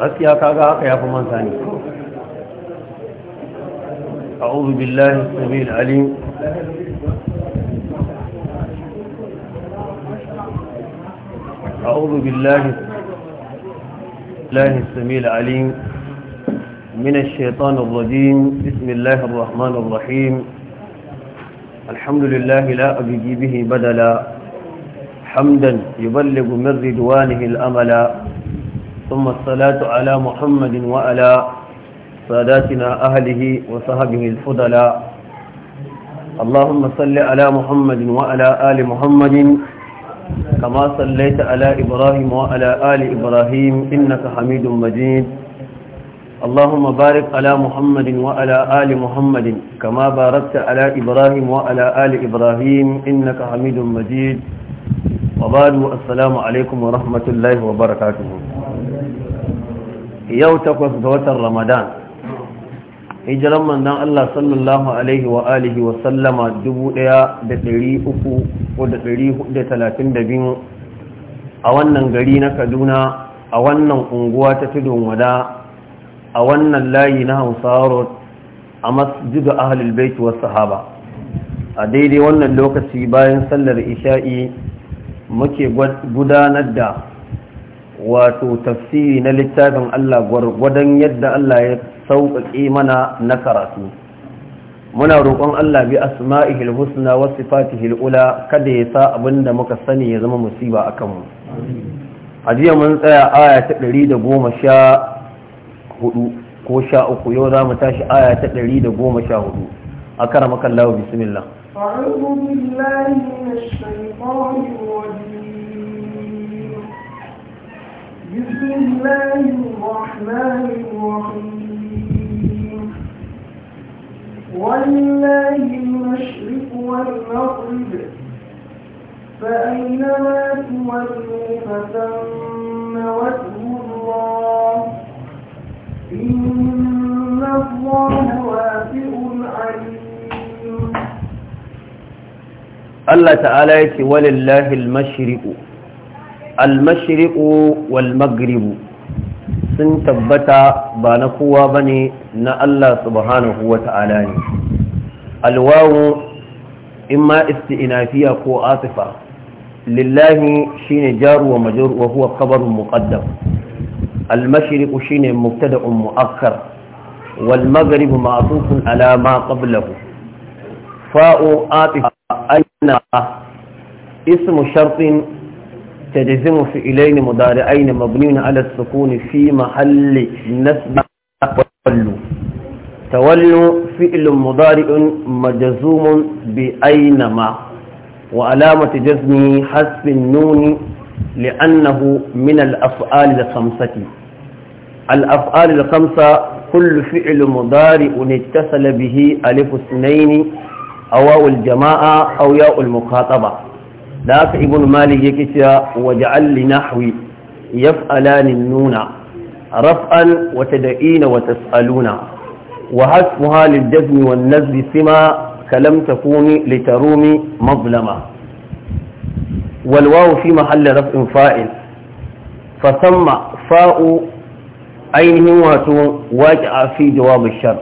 gaskiya kaga haka ya fi manta ne أعوذ بالله السميع العليم أعوذ بالله الله السميع العليم من الشيطان الرجيم بسم الله الرحمن الرحيم الحمد لله لا أبجي به بدلا حمدا يبلغ من رضوانه الأملا ثم الصلاة على محمد وعلى ساداتنا أهله وصحبه الفضلاء اللهم صل على محمد وعلى آل محمد كما صليت على إبراهيم وعلى آل إبراهيم إنك حميد مجيد اللهم بارك على محمد وعلى آل محمد كما باركت على إبراهيم وعلى آل إبراهيم إنك حميد مجيد وبعد السلام عليكم ورحمة الله وبركاته yau takwas ga watan ramadan hijiran mandan Allah sallallahu alaihi wa alihi wa sallama 1332 a wannan gari na Kaduna a wannan unguwa ta tudun wada a wannan layi na Hausawa a masjidu ahlul baiti wa sahaba a daidai wannan lokaci bayan sallar isha'i muke gudanar da wato tafsiri na littafin Allah gwadon yadda Allah ya sauƙaƙe mana na karatu muna roƙon Allah bi asma'ihil husna wa sifatihil ula kada ya sa abinda muka sani ya zama musiba a kanmu a jiya mun tsaya aya ta ɗari da goma sha hudu ko sha uku yau za mu tashi aya ta ɗari da goma sha hudu a karamakan bismillah أعوذ بالله من الشيطان الرجيم بسم الله الرحمن الرحيم ولله المشرق والمغرب فأينما تولوا فثم وجه الله إن الله واسع عليم Allah تعالى ya ولله المشرق almashriqu wal sun tabbata ba na kowa bane na Allah subhanahu Ta'ala ne alwawu imma isti'nafiya ko asifa lillahi shine jaru wa majrur wa huwa khabarun muqaddam المشرق شين مبتدا مؤخر والمغرب معطوف على ما قبله فاء عاطفه ان اسم شرط تجزم في إلين مضارعين مبنين على السكون في محل نسب تولوا تولوا فعل مضارع مجزوم بأينما وعلامة جزمه حسب النون لأنه من الأفعال الخمسة الأفعال الخمسة كل فعل مضارع اتصل به ألف اثنين أواو الجماعة أو ياء المخاطبة ذاك ابن مالك يكسى وجعل لنحوي يفعلان النون رفعا وتدعين وتسألون وحسمها للجزم والنزل سما كلم تكوني لترومي مظلما والواو في محل رفع فائل فثم فاء عينه واتون واجع في جواب الشر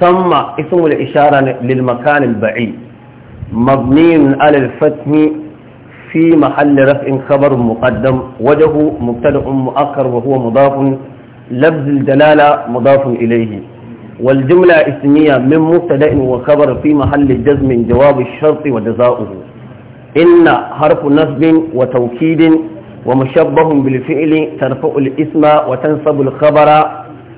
ثم اسم الإشارة للمكان البعيد مبني على الفتح في محل رفع خبر مقدم وجه مبتدأ مؤخر وهو مضاف لفظ الدلالة مضاف إليه والجملة اسمية من مبتدأ وخبر في محل جزم جواب الشرط وجزاؤه إن حرف نصب وتوكيد ومشبه بالفعل ترفع الاسم وتنصب الخبر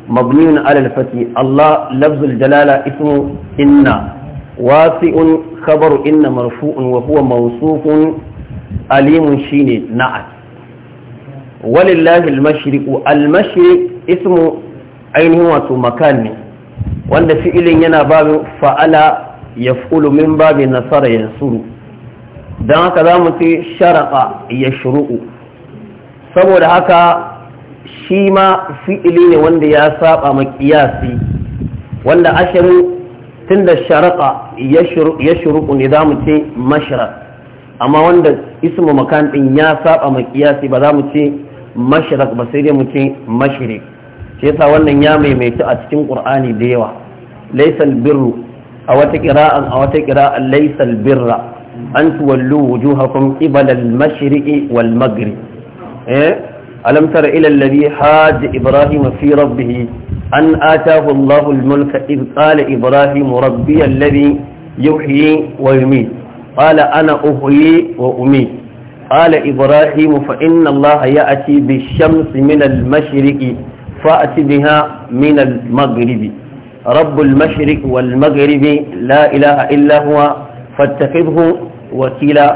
مبني على الفتح الله لفظ الجلالة اسم إن واسع خبر إن مرفوع وهو موصوف alimun shine na'at walillahi al mashriq al-mashriq ismu ainihin wato makan ne wanda fi'ilin yana babu fa'ala yaf'ulu min babin nasara yansuru dan haka zamu ce sharqa yashru'u saboda haka shi ma fi'ili ne wanda ya saba ma kiyasi wanda ashirin tunda sharqa sharaƙa ya shuruku ne za mu ce mashirar amma wanda ismu makan din ya saba ma kiyasi ba za mu ce mashrik ba sai dai mu ce mashrik sai yasa wannan ya maimaita a cikin qur'ani da yawa laysal birru a wata qira'an a wata qira'an laysal birra an tuwallu wujuhakum qibala al-mashriqi wal maghrib eh alam tara ila alladhi hajja ibrahim fi rabbih أن آتاه الله الملك إذ قال إبراهيم ربي الذي يحيي ويميت قال أنا أهيي وأميت قال إبراهيم فإن الله يأتي بالشمس من المشرق فأت بها من المغرب رب المشرق والمغرب لا إله إلا هو فاتخذه وكيلا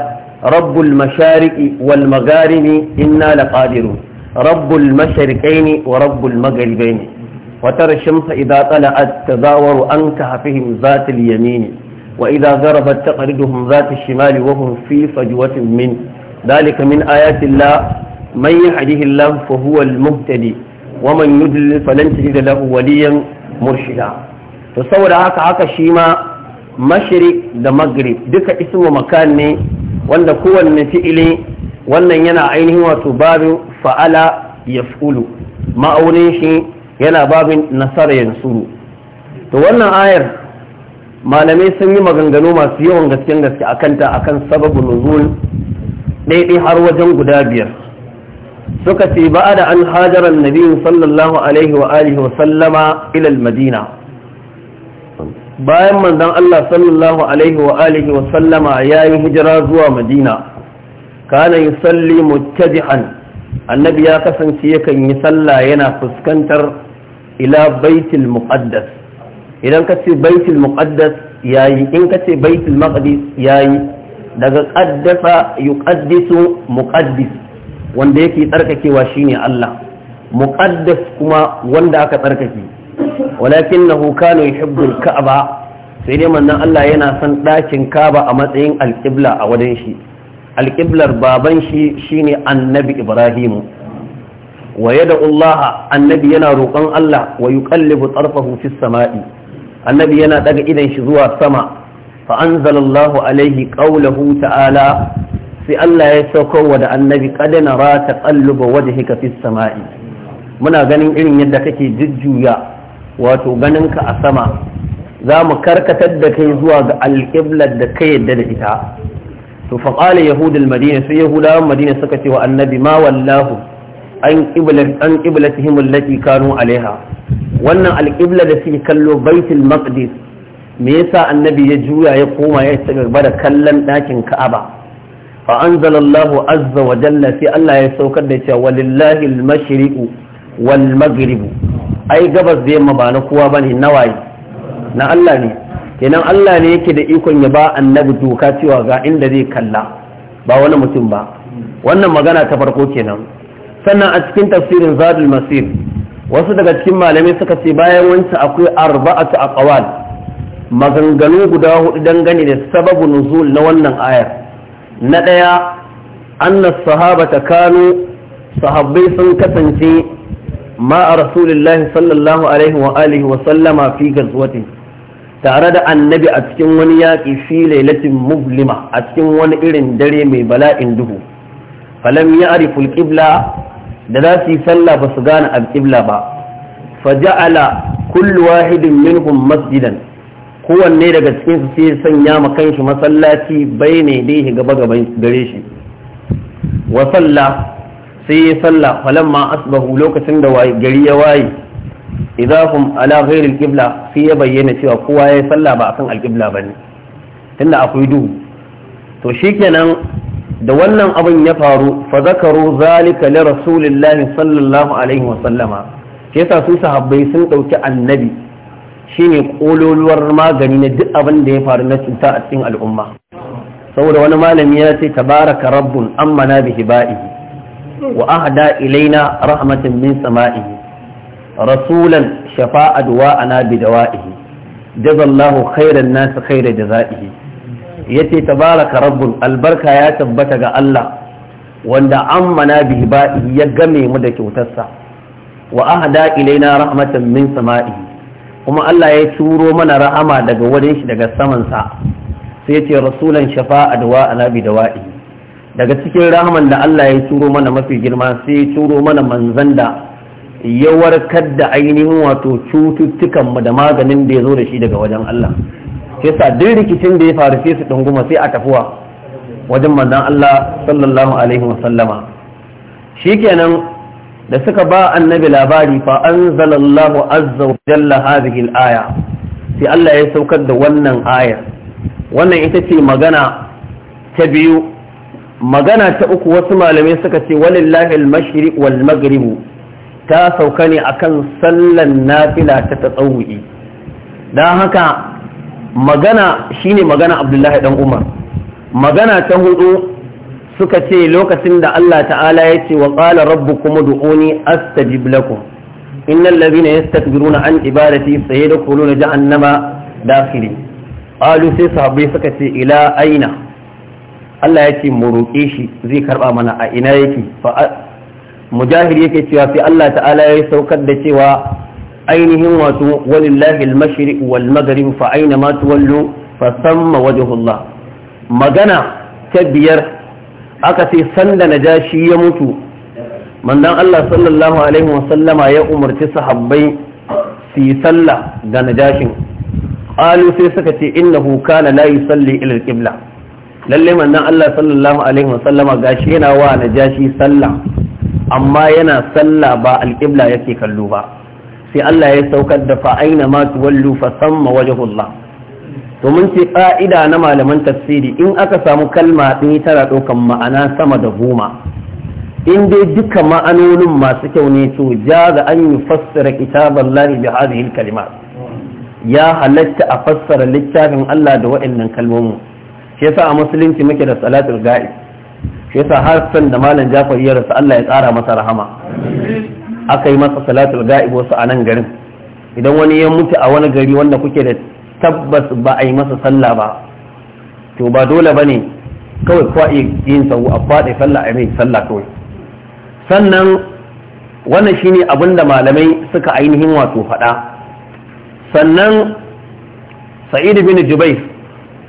رب المشارق والمغارب إنا لقادرون رب المشرقين ورب المغربين وترى الشمس إذا طلعت تداور أنكه فيهم ذات اليمين وإذا غربت تقرضهم ذات الشمال وهم في فجوة من ذلك من آيات الله من يهده الله فهو المهتدي ومن يدلل فلن تجد له وليا مرشدا تصور هكا هكا شيما مشرق da maghrib duka ismu makan ne wanda kowanne fi'ili wannan yana ainihin wato babin fa'ala yaf'ulu ma'aunin shi yana babin nasara yansuru to wannan ayar malamai sun yi maganganu masu yawan gasken gaske a kanta a kan sababin nuzul ɗaiɗai har wajen guda biyar suka ce ba da an hajarar nabiyin sallallahu alaihi wa alihi wa sallama ilal madina bayan manzan Allah sallallahu alaihi wa alihi wa sallama ya yi hijira zuwa madina kana yi salli muttaji'an annabi ya kasance yakan yi sallah yana fuskantar ila baitul muqaddas idan ka ce baitul muqaddas yayi in ka ce baitul maqdis yayi daga qaddasa yuqaddisu muqaddis wanda yake tsarkakewa shine Allah muqaddas kuma wanda aka tsarkake walakinahu kana yuhibbul ka'aba sai dai manzon Allah yana son ɗakin kaba a matsayin alƙibla a wajen shi alƙiblar baban shi shine annabi Ibrahim wa yad'u Allah annabi yana roƙon Allah wa yuqallibu tarfahu fis sama'i annabi yana daga idan shi zuwa sama fa anzalallahu alaihi qawluhu ta'ala sai Allah ya sauko wa da annabi qad nara taqalluba wajhika fis sama'i muna ganin irin yadda kake jujjuya wato ganin ka a sama za mu karkatar da kai zuwa ga alƙiblar da kai yadda da ita to fa qala yahudul madina sai yahudawan madina suka ce wa annabi ma wallahu an qiblat an qiblatihim allati kanu alaiha wannan alƙibla da suke kallo baitul maqdis me yasa annabi ya juya ya koma ya ci gaba da kallon ɗakin ka'aba fa anzalallahu azza wa jalla sai Allah ya saukar da cewa walillahi al-mashriqu wal ai gabas da yamma ba na kowa bane nawayi na Allah ne kenan Allah ne yake da ikon ya ba annabi doka cewa ga inda zai kalla ba wani mutum ba wannan magana ta farko kenan sannan a cikin tafsirin zadul masir wasu daga cikin malamai suka ce bayan wancan akwai arba'atu aqwal maganganu guda hudu dangane da sababu nuzul na wannan ayar na daya anna sahabata kanu sahabbai sun kasance ma a rasulullah sallallahu alaihi wa alihi wa sallama fi gazwati tare da annabi a cikin wani yaƙi fi lailatin mublima a cikin wani irin dare mai bala'in duhu falam ya ariful qibla da za su yi sallah ba su gane alƙibla ba fa ala kullu wahidin minhum masjidan kowanne daga cikin su sai sanya ma kanshi masallaci bai ne dai shi gaba gaban gare shi wa salla sai ya salla falamma asbahu lokacin da gari ya waye idahum ala ghairi alqibla sai ya bayyana cewa kowa ya salla ba akan alqibla bane tunda akwai duhu to shikenan da wannan abin ya faru fa zakaru zalika li rasulillahi sallallahu alaihi wa sallama yasa su sahabbai sun dauki annabi shine kololuwar magani na duk abin da ya faru na cuta a cikin al'umma saboda wani malami ya ce tabaraka rabbun ammana bi hibaihi wa ahda ilaina rahmatan min sama'ihi rasulan shafa'a du'a'ana bi dawa'ihi jazallahu khairan nas da jazaihi yace tabaraka rabbun albarka ya tabbata ga Allah wanda ammana bihi ba'i ya game mu da kyautarsa wa ahda ilaina rahmatan min sama'i kuma Allah ya turo mana rahama daga wurin shi daga saman sa sai yace rasulan shafa'a dawa anabi dawa'i daga cikin rahaman da Allah ya turo mana mafi girma sai ya turo mana manzanda, da ya warkar da ainihin wato cututtukan mu da maganin da ya zo da shi daga wajen Allah shi sa duk rikicin da ya faru sai su dunguma sai a tafuwa wajen manzon Allah sallallahu alaihi wasallama shikenan da suka ba annabi labari fa anzalallahu azza wa jalla hadhihi al-aya sai Allah ya saukar da wannan ayar wannan ita ce magana ta biyu magana ta uku wasu malamai suka ce walillahi al-mashriq wal maghrib ta sauka ne akan sallan nafila ta tsawuyi dan haka magana shine magana abdullahi dan umar magana ta hudu suka ce lokacin da Allah ta'ala ya ce wa qala kuma ud'uni astajib lakum innal ladhina na an ibadati sayadkhuluna jahannama dakhili qalu sai sahabbai suka ce ila aina Allah ya ce mu roƙe shi zai karba mana a ina yake mujahid yake cewa sai Allah ta'ala ya saukar da cewa ainihin wato walillahi al-mashriq wal maghrib fa aina ma tuwallu fa thamma wajhullah magana ta biyar aka sai sanda najashi ya mutu mandan Allah sallallahu alaihi sallama ya umarci sahabbai su sallah da najashin qalu sai suka ce innahu kana la yusalli ila al-qibla lalle manzon Allah sallallahu alaihi wasallama gashi yana wa najashi sallah amma yana sallah ba al-qibla yake kallo ba sai Allah ya saukar da fa'aina ma tuwallu fa samma wajhullah to mun ce ka'ida na malaman tafsiri in aka samu kalma din tana ɗaukan ma'ana sama da goma in dai duka ma'anonin masu kyau ne to ja ga an yi fassara kitabar lahi bi hadhihi kalimat ya halatta a fassara littafin Allah da waɗannan kalmomin. shi yasa a musulunci muke da salatul ga'i shi yasa har san da malam Jafar ya rasu Allah ya tsara masa rahama aka yi masa salatul ga'ib wasu a nan garin idan wani ya mutu a wani gari wanda kuke da tabbas ba a yi masa sallah ba to ba dole ba ne kawai kuwa yin sau a faɗi sallah a mai sallah kawai sannan wannan shine abin da malamai suka ainihin wato faɗa sannan Sa'idu bin jubais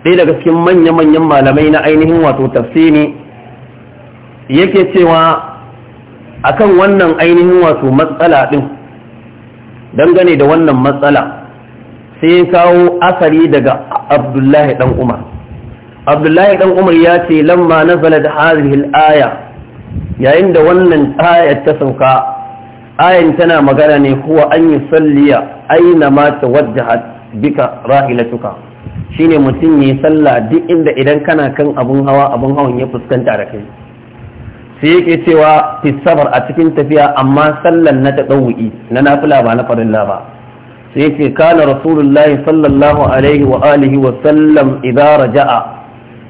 ɗaya daga cikin manya-manyan malamai na ainihin wato tafsiri yake cewa akan wannan ainihin wato matsala din dangane da wannan matsala sai kawo asari daga abdullahi dan umar abdullahi dan umar ya ce lamma nazala da hadhihi al-aya yayin da wannan ayat ta sauka ayan tana magana ne kuwa an yi salliya aina ma tawajjahat bika rahilatuka shine mutum yi sallah duk inda idan kana kan abun hawa abun hawan ya fuskanta da kai sai yake cewa fi a cikin tafiya amma sallan na tadawwi na nafila ba na farin ba sai yake kana rasulullah sallallahu alaihi wa alihi wa sallam idza raja'a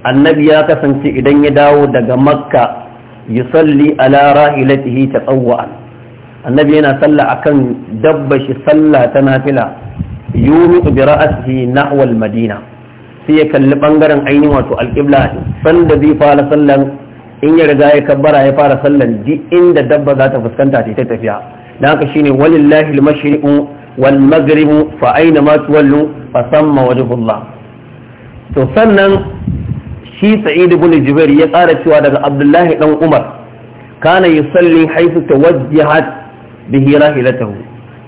annabi ya kasance idan ya dawo daga makka yusalli ala rahilatihi tatawwan annabi yana sallah akan dabba shi sallah ta nafila yumi bi ra'sihi madina sai ya kalli bangaren ainihin wato al sanda zai fara sallan in ya riga ya kabbara ya fara sallan duk inda dabba za ta fuskanta ta tafiya dan haka shine walillahi al-mashriqu wal maghribu fa aina ma tuwallu fa samma wajhullah to sannan shi sa'id ibn jubair ya ƙara cewa daga abdullahi dan umar kana yusalli haythu tawajjahat bihi rahilatahu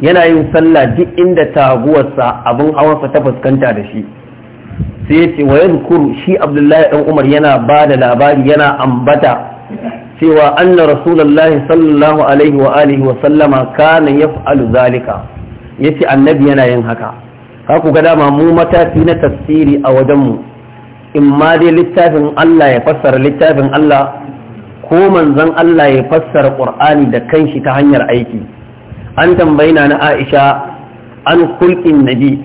yana yin sallah duk inda taguwarsa abin hawansa ta fuskanta da shi sai yace wa yadhkuru shi abdullahi dan umar yana ba da labari yana ambata cewa anna rasulullahi sallallahu alaihi wa alihi wa sallama kana yaf'alu zalika yace annabi yana yin haka ku ga dama mu matafi na tafsiri a wajen mu in ma dai littafin Allah ya fassara littafin Allah ko manzon Allah ya fassara Qur'ani da kanshi ta hanyar aiki an tambayina na Aisha an kulkin nabi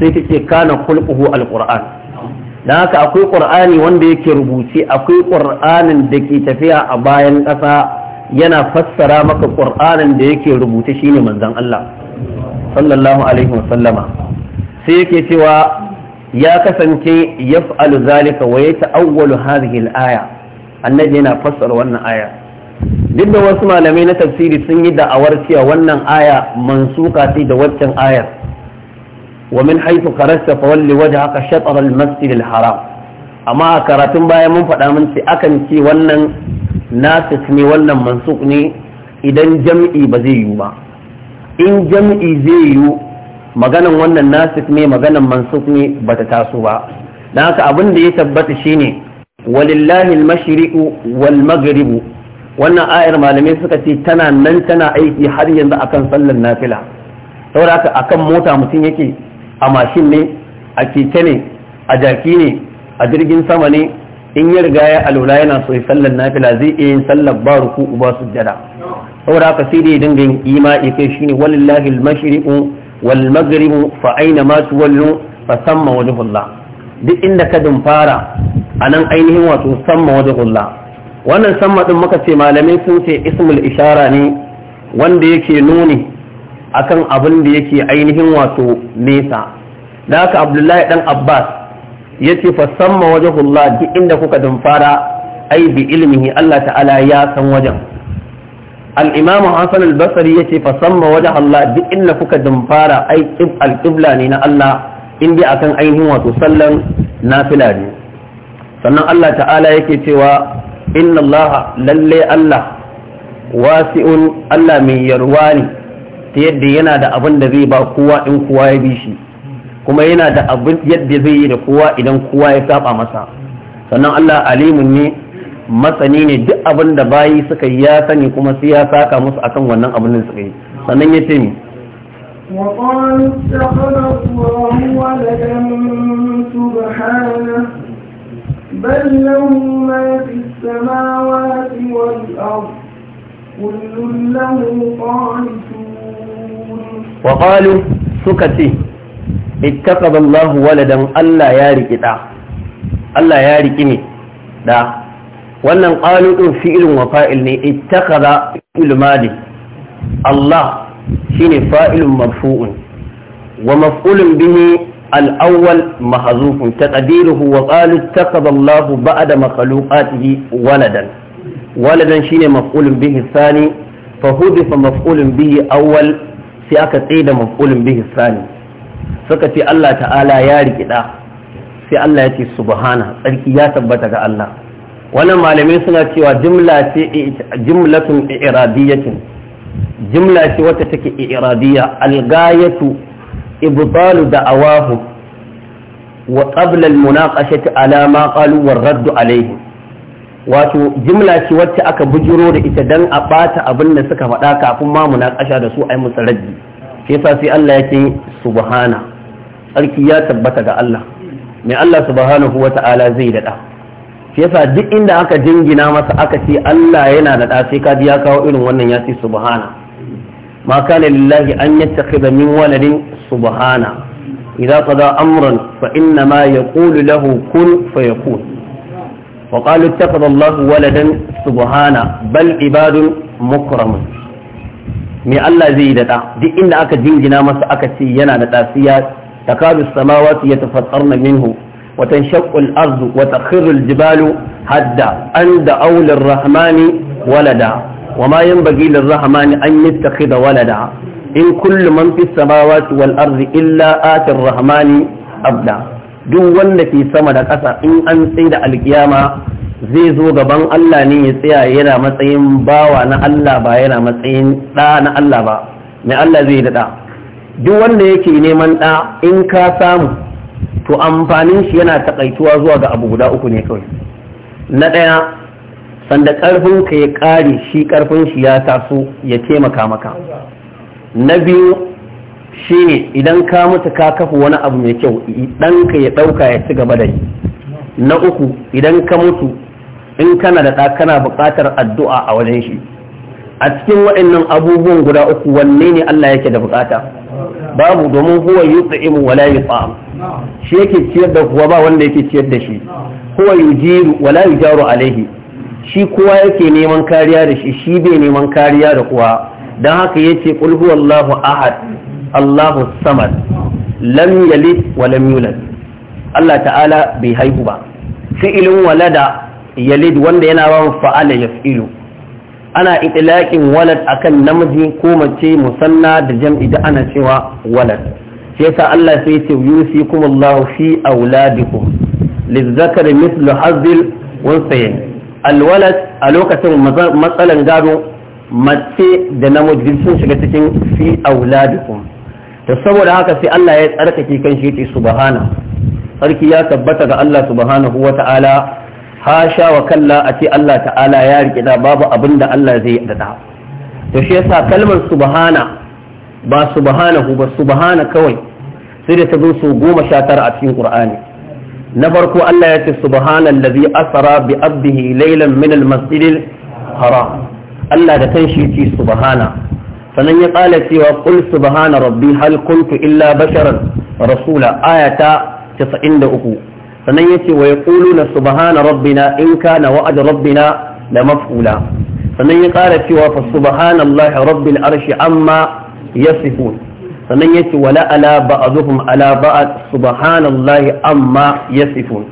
sai ta ce kana kulquhu alquran dan haka akwai qur'ani wanda yake rubuce akwai qur'anin da ke tafiya a bayan ƙasa yana fassara maka qur'anin da yake rubuce shine manzon Allah sallallahu alaihi wa sallama sai yake cewa ya kasance yaf'alu zalika wa yata'awwalu hadhihi al-aya annabi yana fassara wannan aya duk da wasu malamai na tafsiri sun yi da'awar cewa wannan aya mansuka ce da waccan ayar ومن حيث خرجت فول وجهك شطر المسجد الحرام أما a karatun baya mun faɗa min أكن akan ونن wannan ني ونن منسوق ني إذن جمعي بزيو با إن جمعي زيو maganan wannan nasik ne maganan mansuk ne bata taso ba dan haka abin da ya tabbata shine walillahi al wal maghribu wannan ayar malamai suka ce tana nan tana aiki har yanzu akan sallar nafila saboda haka akan mota mutum yake a mashin ne a keke ne a jaki ne a jirgin sama ne in ya riga ya alula yana so ya sallar nafila zai iya yin sallar ba ruku ba sujjada saboda haka sai dai dinga yin imani kai shine walillahi al wal maghribu fa aina ma tuwallu fa samma wajhullah duk inda ka dumfara anan ainihin wato samma wajhullah wannan samma din muka ce malamai sun ce ismul ishara ne wanda yake nuni akan abin da yake ainihin wato nesa da haka abdullahi dan abbas ya ce fasamma wajahullah duk inda kuka dumfara ai bi ilmihi allah ta'ala ya san wajen al'imamu hassan al-basari ya ce fasamma wajen allah duk inda kuka dumfara ai al-qibla ne na allah in dai akan ainihin wato sallan nafila ne sannan allah ta'ala yake cewa inna lallai lalle allah wasi'un allah mai yarwa ne ta yadda yana da abin da zai ba kowa in kowa ya bi shi kuma yana da abin yadda zai yi da kowa idan kowa ya saba masa sannan Allah alimun ne masani ne duk abin da bayi suka yi ya sani kuma sai ya saka musu akan wannan abin da suka yi sannan ya ce ni بل له ما في السماوات والأرض كل له قانتون Waƙalu suka ce ittaqada lahu waladan Allah ya riki da Allah ya riki ne da wannan ƙalu din fi'ilun wa fa'il ne ittaqada fi'il madi Allah shine fa'ilun marfu'un wa maf'ulun bihi الأول محذوف تقديره وقالوا اتخذ الله بعد مخلوقاته ولدا ولدا شين مفعول به الثاني fa مفعول به أول sai aka tsaye da maf'ulin bihi sani suka ce Allah ta'ala ya rikida sai Allah ya ce subhana tsarki ya tabbata ga Allah wannan malamai suna cewa jimla ce jimlatun iradiyatin jimla ce wata take iradiya algayatu ibtalu da'awahu wa qabla al-munaqashati ala ma qalu wa raddu alayhi wato jimla ce wacce aka bujiro da ita dan a bata abin da suka faɗa kafin ma ƙasha da su yi musu raddi Ke sa sai Allah ce subhana tsarki ya tabbata ga Allah mai Allah subhanahu wata'ala zai daɗa Ke sa duk inda aka jingina masa aka ce Allah yana daɗa sai ka ji ya kawo irin wannan ya ce subhana ma kana lillahi an yattakhidha min waladin subhana idza qada amran fa inna ma yaqulu lahu kun fayakun وقالوا اتخذ الله ولدا سبحانه بل عباد مكرم من الله زيدتا دي إن أكا جنجنا مسا أكا سينا نتاسيات تكاد السماوات يتفطرن منه وتنشق الأرض وتخر الجبال هدا عند أول الرحمن ولدا وما ينبغي للرحمن أن يتخذ ولدا إن كل من في السماوات والأرض إلا آت الرحمن أبدا duk wanda ke sama da ƙasa in an tsaye da alkiyama zai zo gaban Allah ne ya tsaya yana matsayin bawa na Allah ba yana matsayin ɗa na Allah ba mai Allah zai da ɗa duk wanda yake neman ɗa in ka samu to amfanin shi yana takaituwa zuwa ga abu guda uku ne kawai na ɗaya sanda ƙarfin ka ya ƙare shi ƙarfin shi ya taso ya taimaka maka na biyu Shi ne, idan ka mutu ka kafa wani abu mai kyau ɗanka ya ɗauka ya ci gaba da yi na uku idan ka mutu in kana da kana buƙatar addu'a a wajen shi a cikin waɗannan abubuwan guda uku wanne ne Allah yake da buƙata babu domin huwa yut'imu wala yut'am shi yake ciyar da kuwa ba wanda yake ciyar da shi huwa yujiru wala yujaru alaihi shi kowa yake neman kariya da shi shi bai neman kariya da kowa dan haka yace qul huwallahu ahad Allahu samad lam yalid wa lam Allah ta'ala bai haihu ba fi'ilin walada yalid wanda yana ba fa'ala yaf'ilu ana itlaqin walad akan namiji ko mace musanna da jam'i da ana cewa walad sai yasa Allah sai ya ce yusikum Allah fi auladikum lizzakari mithlu hazil unsayin alwalad a lokacin matsalar gado mace da namiji sun shiga cikin fi auladikum to saboda haka sai Allah ya tsarkake kan shi ce subhana sarki ya tabbata ga Allah subhanahu wa ta'ala hasha wa kalla a ce Allah ta'ala ya riƙe da babu abin da Allah zai da da to shi yasa kalmar subhana ba subhanahu ba subhana kawai sai da ta zo su goma sha tara a cikin qur'ani na farko Allah ya ce subhanallazi asra bi abdihi laylan min al-masjidil haram Allah da shi ce subhana sannan ya tsala cewa qul subhana rabbi hal kuntu illa basharan rasula ayata 93 sannan yace wa yaquluna subhana rabbina in kana wa'd rabbina la maf'ula sannan ya tsala cewa fa subhanallahi rabbil arshi amma yasifun sannan wa la ala ba'dhum ala ba'd subhanallahi amma yasifun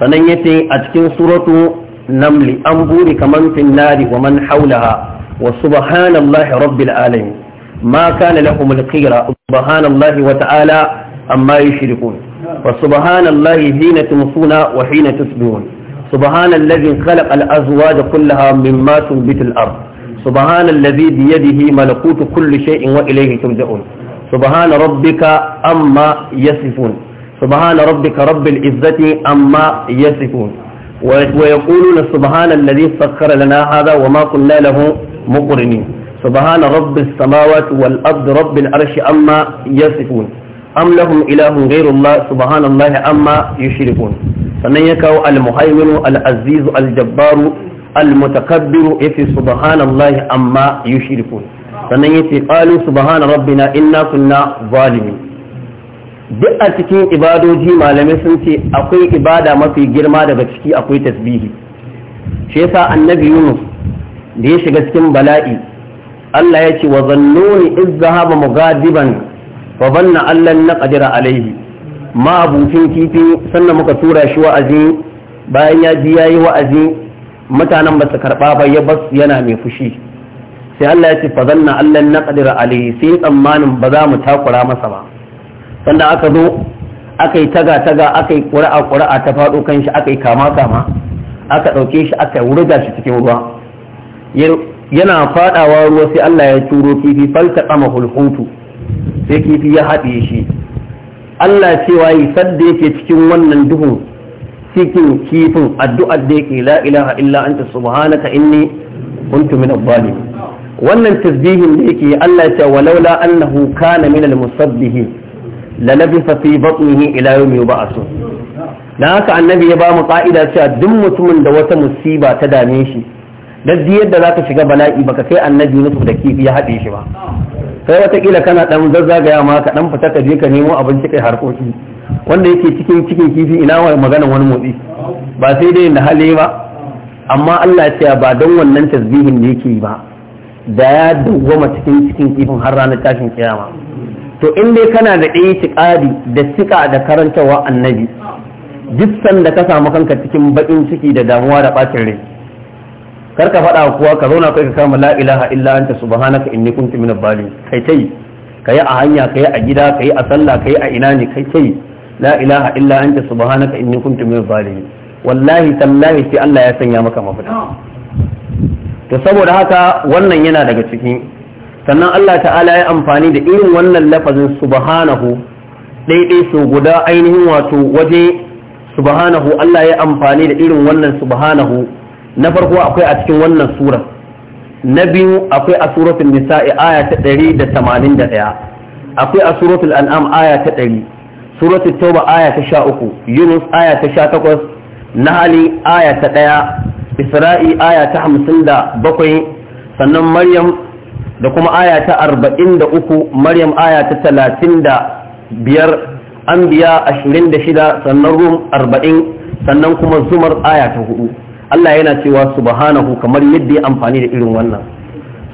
sannan yace a cikin suratu namli an buri kaman finnari wa man haulaha wa subhanallahi rabbil alamin ma kana lahum al-khira subhanallahi wa ta'ala amma yushrikun wa subhanallahi hina tumsuna wa hina tusbihun subhanalladhi khalaqa al-azwaj kullaha mimma tunbitu al-ard subhanalladhi bi yadihi malakutu kulli shay'in wa ilayhi turja'un subhana rabbika amma yasifun subhana rabbika rabbil izzati amma yasifun ويقولون سبحان الذي سخر لنا هذا وما كنا له مقرنين سبحان رب السماوات والأرض رب العرش أما يصفون أم لهم إله غير الله سبحان الله أما يشركون فنيكو المهيمن العزيز الجبار المتكبر يفي سبحان الله أما يشركون فنيتي قالوا سبحان ربنا إنا كنا ظالمين duk a cikin ibadoji malamai sun ce akwai ibada mafi girma daga ciki akwai tasbihi shi yasa annabi yunus da ya shiga cikin bala'i Allah ya ce wa zannuni iz zahaba mugadiban fa banna allan naqdira alaihi ma kifi sannan muka tura shi wa'azi bayan ya ji yayi wa'azi mutanen ba su karba ba ya bas yana mai fushi sai Allah ya ce fa zanna allan naqdira alaihi sai tsammanin ba za mu takura masa ba sannan aka zo aka yi taga taga aka yi kuri'a ƙura'a ta faɗo kan shi aka yi kama kama aka ɗauke shi aka wurga shi cikin ruwa yana fadawa ruwa sai Allah ya turo kifi falta kama hulhutu sai kifi ya haɗe shi Allah cewa yi sadda yake cikin wannan duhu cikin kifin addu'ar da yake la ilaha illa anta subhanaka inni kuntu min adh wannan tasbihin da yake Allah ya ce walaula annahu kana min al-musabbihin la labisa fi batnihi ila yawmi yub'asun dan haka annabi ya ba mu ka'ida cewa duk mutumin da wata musiba ta dame shi dan yadda yadda zaka shiga bala'i baka kai annabi Yusuf da kifi ya haɗe shi ba sai watakila kana dan zazzagaya ma ka dan fita ka je ka nemo abinci kai harkoki wanda yake cikin cikin kifi ina wa magana wani motsi ba sai dai da hali ba amma Allah ya ce ba dan wannan tasbihin da yake ba da ya dawwama cikin cikin kifin har ranar tashin kiyama to in dai kana da itiqadi da sika da karantawa annabi duk sanda ka samu kanka cikin bakin ciki da damuwa da bacin rai kar ka faɗa kuwa ka zauna kai ka kama la ilaha illa anta subhanaka inni kuntu min zalimin kai tai kai a hanya kai a gida kai a sallah kai a ina ne kai tai la ilaha illa anta subhanaka inni kuntu minaz zalimin wallahi tallahi sai Allah ya sanya maka mafita to saboda haka wannan yana daga cikin sannan Allah ta'ala ya amfani da irin wannan lafazin subhanahu daidai su guda ainihin wato waje subhanahu Allah ya amfani da irin wannan subhanahu na farko akwai a cikin wannan surar na biyu akwai a suratul nisa'i aya ta 181 akwai a suratul an'am aya ta 100 suratul tauba aya ta 13 yunus aya ta 18 nahali aya ta 1 isra'i aya ta 57 sannan maryam da kuma aya ta 43 maryam aya ta 35 anbiya 26 sannan rum 40 sannan kuma zumar aya ta 4 Allah yana cewa subhanahu kamar yadda ya amfani da irin wannan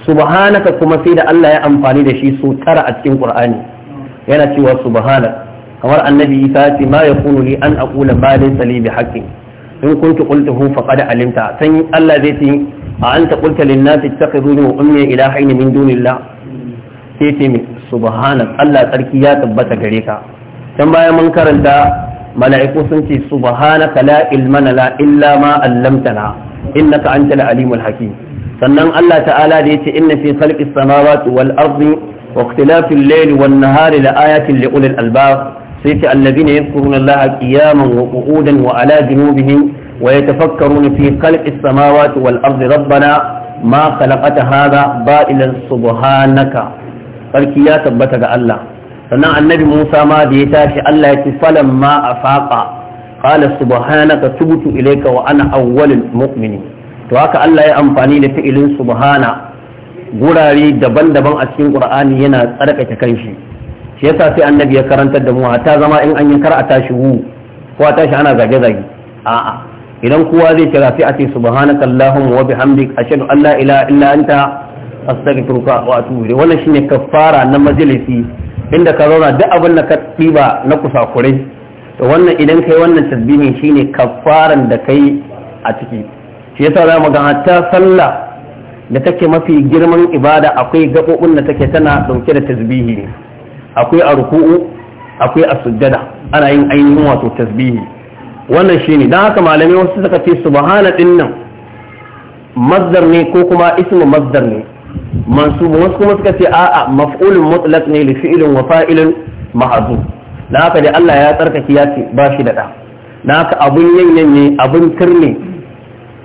subhanaka kuma sai da Allah ya amfani da shi su tara a cikin Qur'ani yana cewa subhanaka kamar annabi Isa ya ce ma yakunu li an aqula ma laysa li bihaqqin in kuntu qultuhu faqad alimta san Allah zai ce a anta qulta lin nas ittakhiduni wa ummi ilahaini min dunillah sai ce subhanak Allah tsarki ya tabbata gare ka dan bayan mun karanta mala'iku sun ce subhanaka la ilma lana illa ma allamtana innaka antal alimul hakim sannan Allah ta'ala da yace inna fi khalqis samawati wal ardi wa ikhtilafil layli wan nahari la ayatin li ulil albab sai ce alladhina yadhkuruna Allah qiyaman wa qu'udan wa ala junubihim wa yatafakkaruna fi khalqis samawati wal ardi rabbana ma khalaqata hadha ba'ilan subhanaka sarki ya tabbata ga Allah sannan annabi Musa ma da ya tashi Allah ya ce falan ma afaqa qala subhanaka tubtu ilayka wa ana awwalul mu'minin to haka Allah ya amfani da fi'ilin subhana gurare daban-daban a cikin Qur'ani yana tsarkake kanshi shi yasa sai annabi ya karantar da mu ta zama in an yi kar a tashi wu ko a tashi ana zage-zage a'a idan kowa zai kira sai a ce subhanaka allahumma wa bihamdik ashhadu an la ilaha illa anta astaghfiruka wa atubu ilayk wannan shine kaffara na majalisi inda ka zauna duk abin da ka ɗiba na kusakurai to wannan idan kai wannan tasbihin shine kafaran da kai a ciki shi yasa za mu ga hatta sallah da take mafi girman ibada akwai gabobin da take tana ɗauke da tasbihi ne akwai a ruku'u akwai a sujjada ana yin ainihin wato tasbihi wannan shi dan haka malamai wasu suka ce subhana dinnan nan mazdar ne ko kuma ismu mazdar ne mansubu wasu kuma suka ce a'a maf'ulun mutlaq ne li fi'lin wa fa'ilin ma'zuf dan haka dai Allah ya tsarkake ya ce ba shi da da dan haka abun yanyan ne abun kirne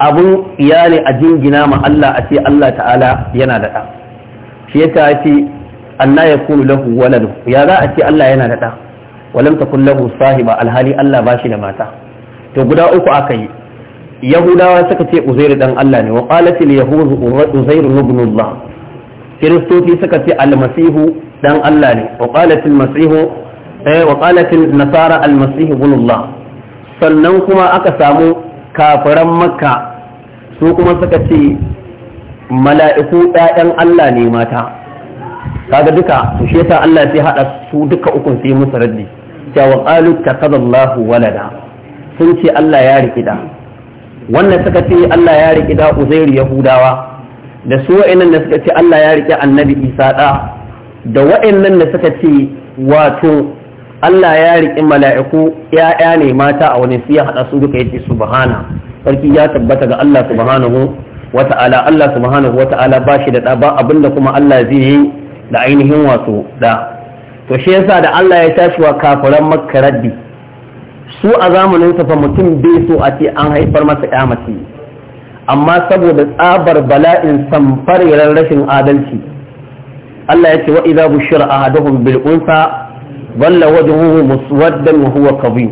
abun iyali a jingina ma Allah a ce Allah ta'ala yana da da shi ta ce Allah ya lahu waladu ya za a ce Allah yana da da walam takun lahu sahiba alhali Allah ba shi da mata to guda uku aka yi yahudawa suka ce uzairu dan Allah ne wa qalatil yahudu uzairu ibn Allah kiristoci suka ce almasihu dan Allah ne wa qalatil masihu eh wa qalatil nasara almasihu ibn Allah sannan kuma aka samu kafiran makka su kuma suka ce mala'iku ɗayan Allah ne mata kaga duka to shi Allah sai hada su duka ukun sai musu raddi cewa qalu takadallahu walada sun ce Allah ya rikida wannan suka ce Allah ya riƙi da uzairu yahudawa da su wa'annan da suka ce Allah ya riƙi annabi isa da da wa'annan da suka ce wato Allah ya riƙi mala'iku ‘ya'ya ne mata a wani su ya haɗa su duka yake subhana sarki ya tabbata ga Allah subhanahu wa ta'ala Allah subhanahu wa ta'ala ba shi da ɗa ba abinda kuma Allah zai yi da ainihin wato ɗa to shi yasa da Allah ya tashi wa kafiran makka raddi su a zamanin fa mutum bai so a ce an haifar masa mace, amma saboda tsabar bala'in yaran rashin adalci Allah ya ce wa idza bushira ahaduhum bil unsa balla wajhuhu muswaddan wa huwa kabir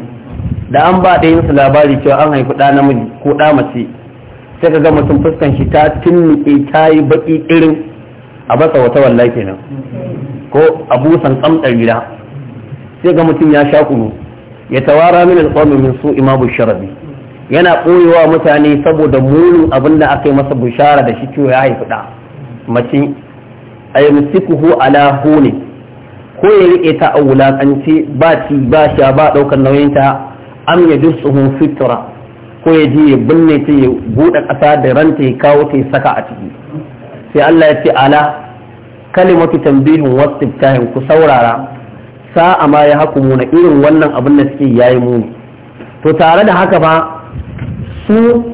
da an ba ɗayan su labari cewa an haifi ɗa namiji ko da mace sai ka mutum fuskan shi ta tunnuke ta yi baki irin a basa wata walla kenan ko abusan tsamtsar gida sai ga mutum ya sha kunu ya tawara min alqawmi min su'i ma busharabi yana koyewa mutane saboda munin abin da aka masa bushara da shi ciwo ya haifi da mace ayyamsikuhu ala huni ko ya rike ta a wulakanci ba ci ba sha ba daukar nauyin ta am ya dusuhu fitra ko ya je ya binne ta ya buɗe ƙasa da ranta ya kawo ta ya saka a ciki sai Allah ya ce ala kalimatu tanbihin wasu ku saurara sa'a ma ya muna irin wannan abin da suke yayi muni to tare da haka ba su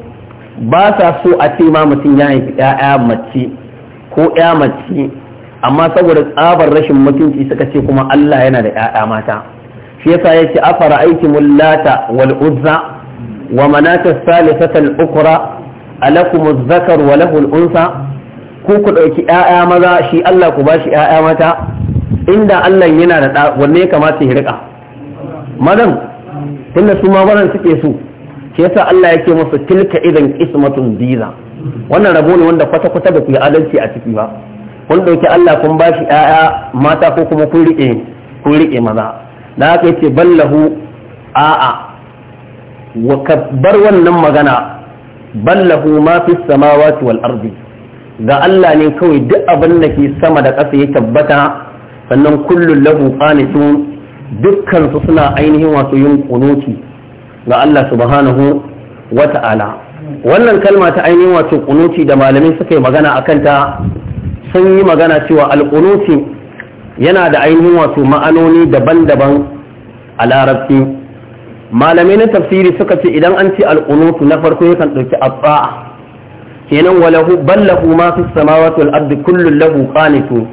ba sa so a ce ma mutum ya haifi ƴaƴa mace ko ƴa mace amma saboda tsabar rashin mutunci suka ce kuma Allah yana da ƴaƴa mata shi yasa yake afara aiki mullata wal uzza wa manata salisata al ukra alakum az-zakar wa lahu al-unsa ku ku dauki ƴaƴa maza shi Allah ku bashi ƴaƴa mata inda Allah yana da ɗa wanne ya kamata ya riƙa madan tunda su ma baran suke so shi yasa Allah yake masa tilka idan ismatun diza wannan rabo ne wanda kwata kwata ba ku yi adalci a ciki ba kun dauki Allah kun bashi ƴaƴa mata ko kuma kun rike kun rike maza da haka yace ballahu a'a wa kabbar wannan magana ballahu ma fi samawati wal ardi ga Allah ne kawai duk abin da ke sama da ƙasa ya tabbata sannan kullun lahu qanitun dukkan su suna ainihin wato yin kunuti ga Allah subhanahu wa ta'ala wannan kalma ta ainihin wato kunuti da malamai suka yi magana a kanta sun yi magana cewa alkunuti yana da ainihin wato ma'anoni daban-daban a larabci malamai na tafsiri suka ce idan an ce alkunutu na farko yakan ɗauki abba kenan walahu ballahu ma fi samawati wal ardi kullu lahu qanitu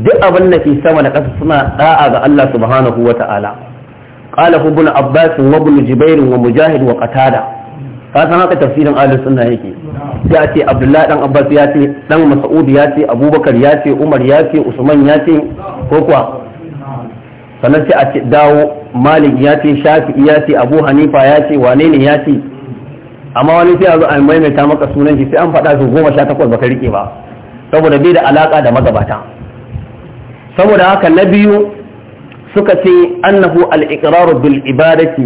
duk abin da ke sama da ƙasa suna da'a ga Allah subhanahu wa ta'ala qala ibn abbas wa ibn jubair wa mujahid wa qatada ka san haka tafsirin ahlus sunna yake sai a ce abdullahi dan abbas ya ce dan mas'ud ya ce abubakar ya ce umar ya ce usman ya ce ko kuwa sannan sai a ce dawo malik ya ce shafi'i ya ce abu hanifa ya ce wane ne ya ce amma wani sai a zo a maimaita maka sunan shi sai an faɗa su goma sha takwas baka rike ba saboda bai da alaka da magabata saboda haka na biyu suka ce annahu al-iqraru bil ibadati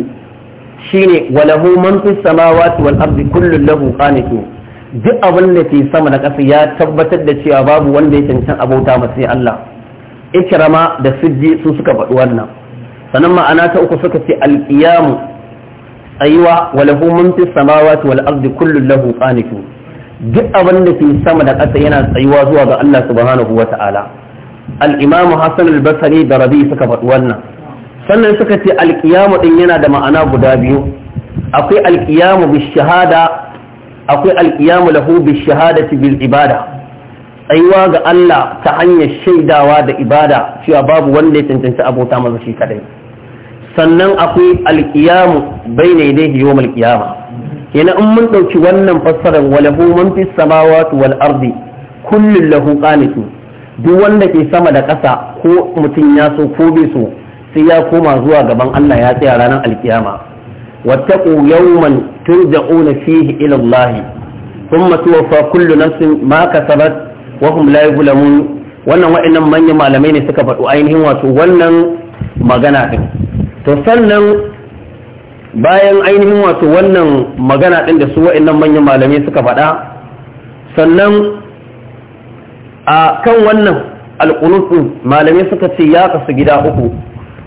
shine walahu man fis samawati wal ardi kullun lahu qanitun duk abin da ke sama da ƙasa ya tabbatar da cewa babu wanda ya cancan abota masu sai Allah ikrama da sujji su suka faɗi wannan sannan ma'ana ta uku suka ce alƙiyamu tsayuwa wa lahu mun fi samawati wal ardi kullu lahu qanitu duk abin da ke sama da ƙasa yana tsayuwa zuwa ga Allah subhanahu ta'ala. al-imamu hasan al da rabi suka faɗi wannan sannan suka ce alƙiyamu din yana da ma'ana guda biyu akwai alƙiyamu bi shahada akwai alƙiyamu lahu bi bil ibada tsayuwa ga Allah ta hanyar shaidawa da ibada cewa babu wanda ya cancanci abota masa shi kadai sannan akwai alkiyamu bai ne dai yawm ƙiyama, kenan in mun ɗauki wannan fassarar walahu mun fis samawati wal ardi kullun lahu qanitu duk wanda ke sama da ƙasa ko mutum ya so ko bai so sai ya koma zuwa gaban Allah ya tsaya ranar alkiyama wattaqu yawman turja'una fihi ila Allah thumma tuwaffa kullu nafsin ma kasabat wa hum la yuzlamun wannan wa'annan manyan malamai ne suka faɗo ainihin wato wannan magana din to sannan bayan ainihin wato wannan magana din da su wa'annan manyan malamai suka faɗa sannan a kan wannan alƙunutsu malamai suka ce ya kasu gida uku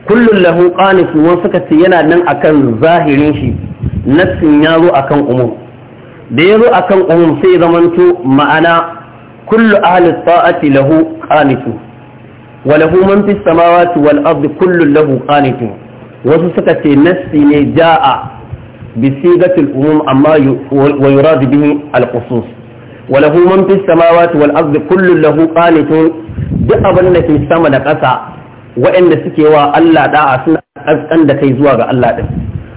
kullum lahu qanitu wa suka ce yana nan akan zahirin shi nassin ya zo akan umum da ya zo akan umum sai zamanto ma'ana kullu ahli ta'ati lahu qanitu wa lahu man fis samawati wal ardi kullu lahu qanitu wasu suka ce nassi ne ja'a bi sigatil umum amma wa yurad bihi al khusus wa lahu man fis samawati wal ardi kullun lahu qanitun duk abin da ke sama da ƙasa waɗanda suke wa Allah da'a suna kaskan da kai zuwa ga Allah din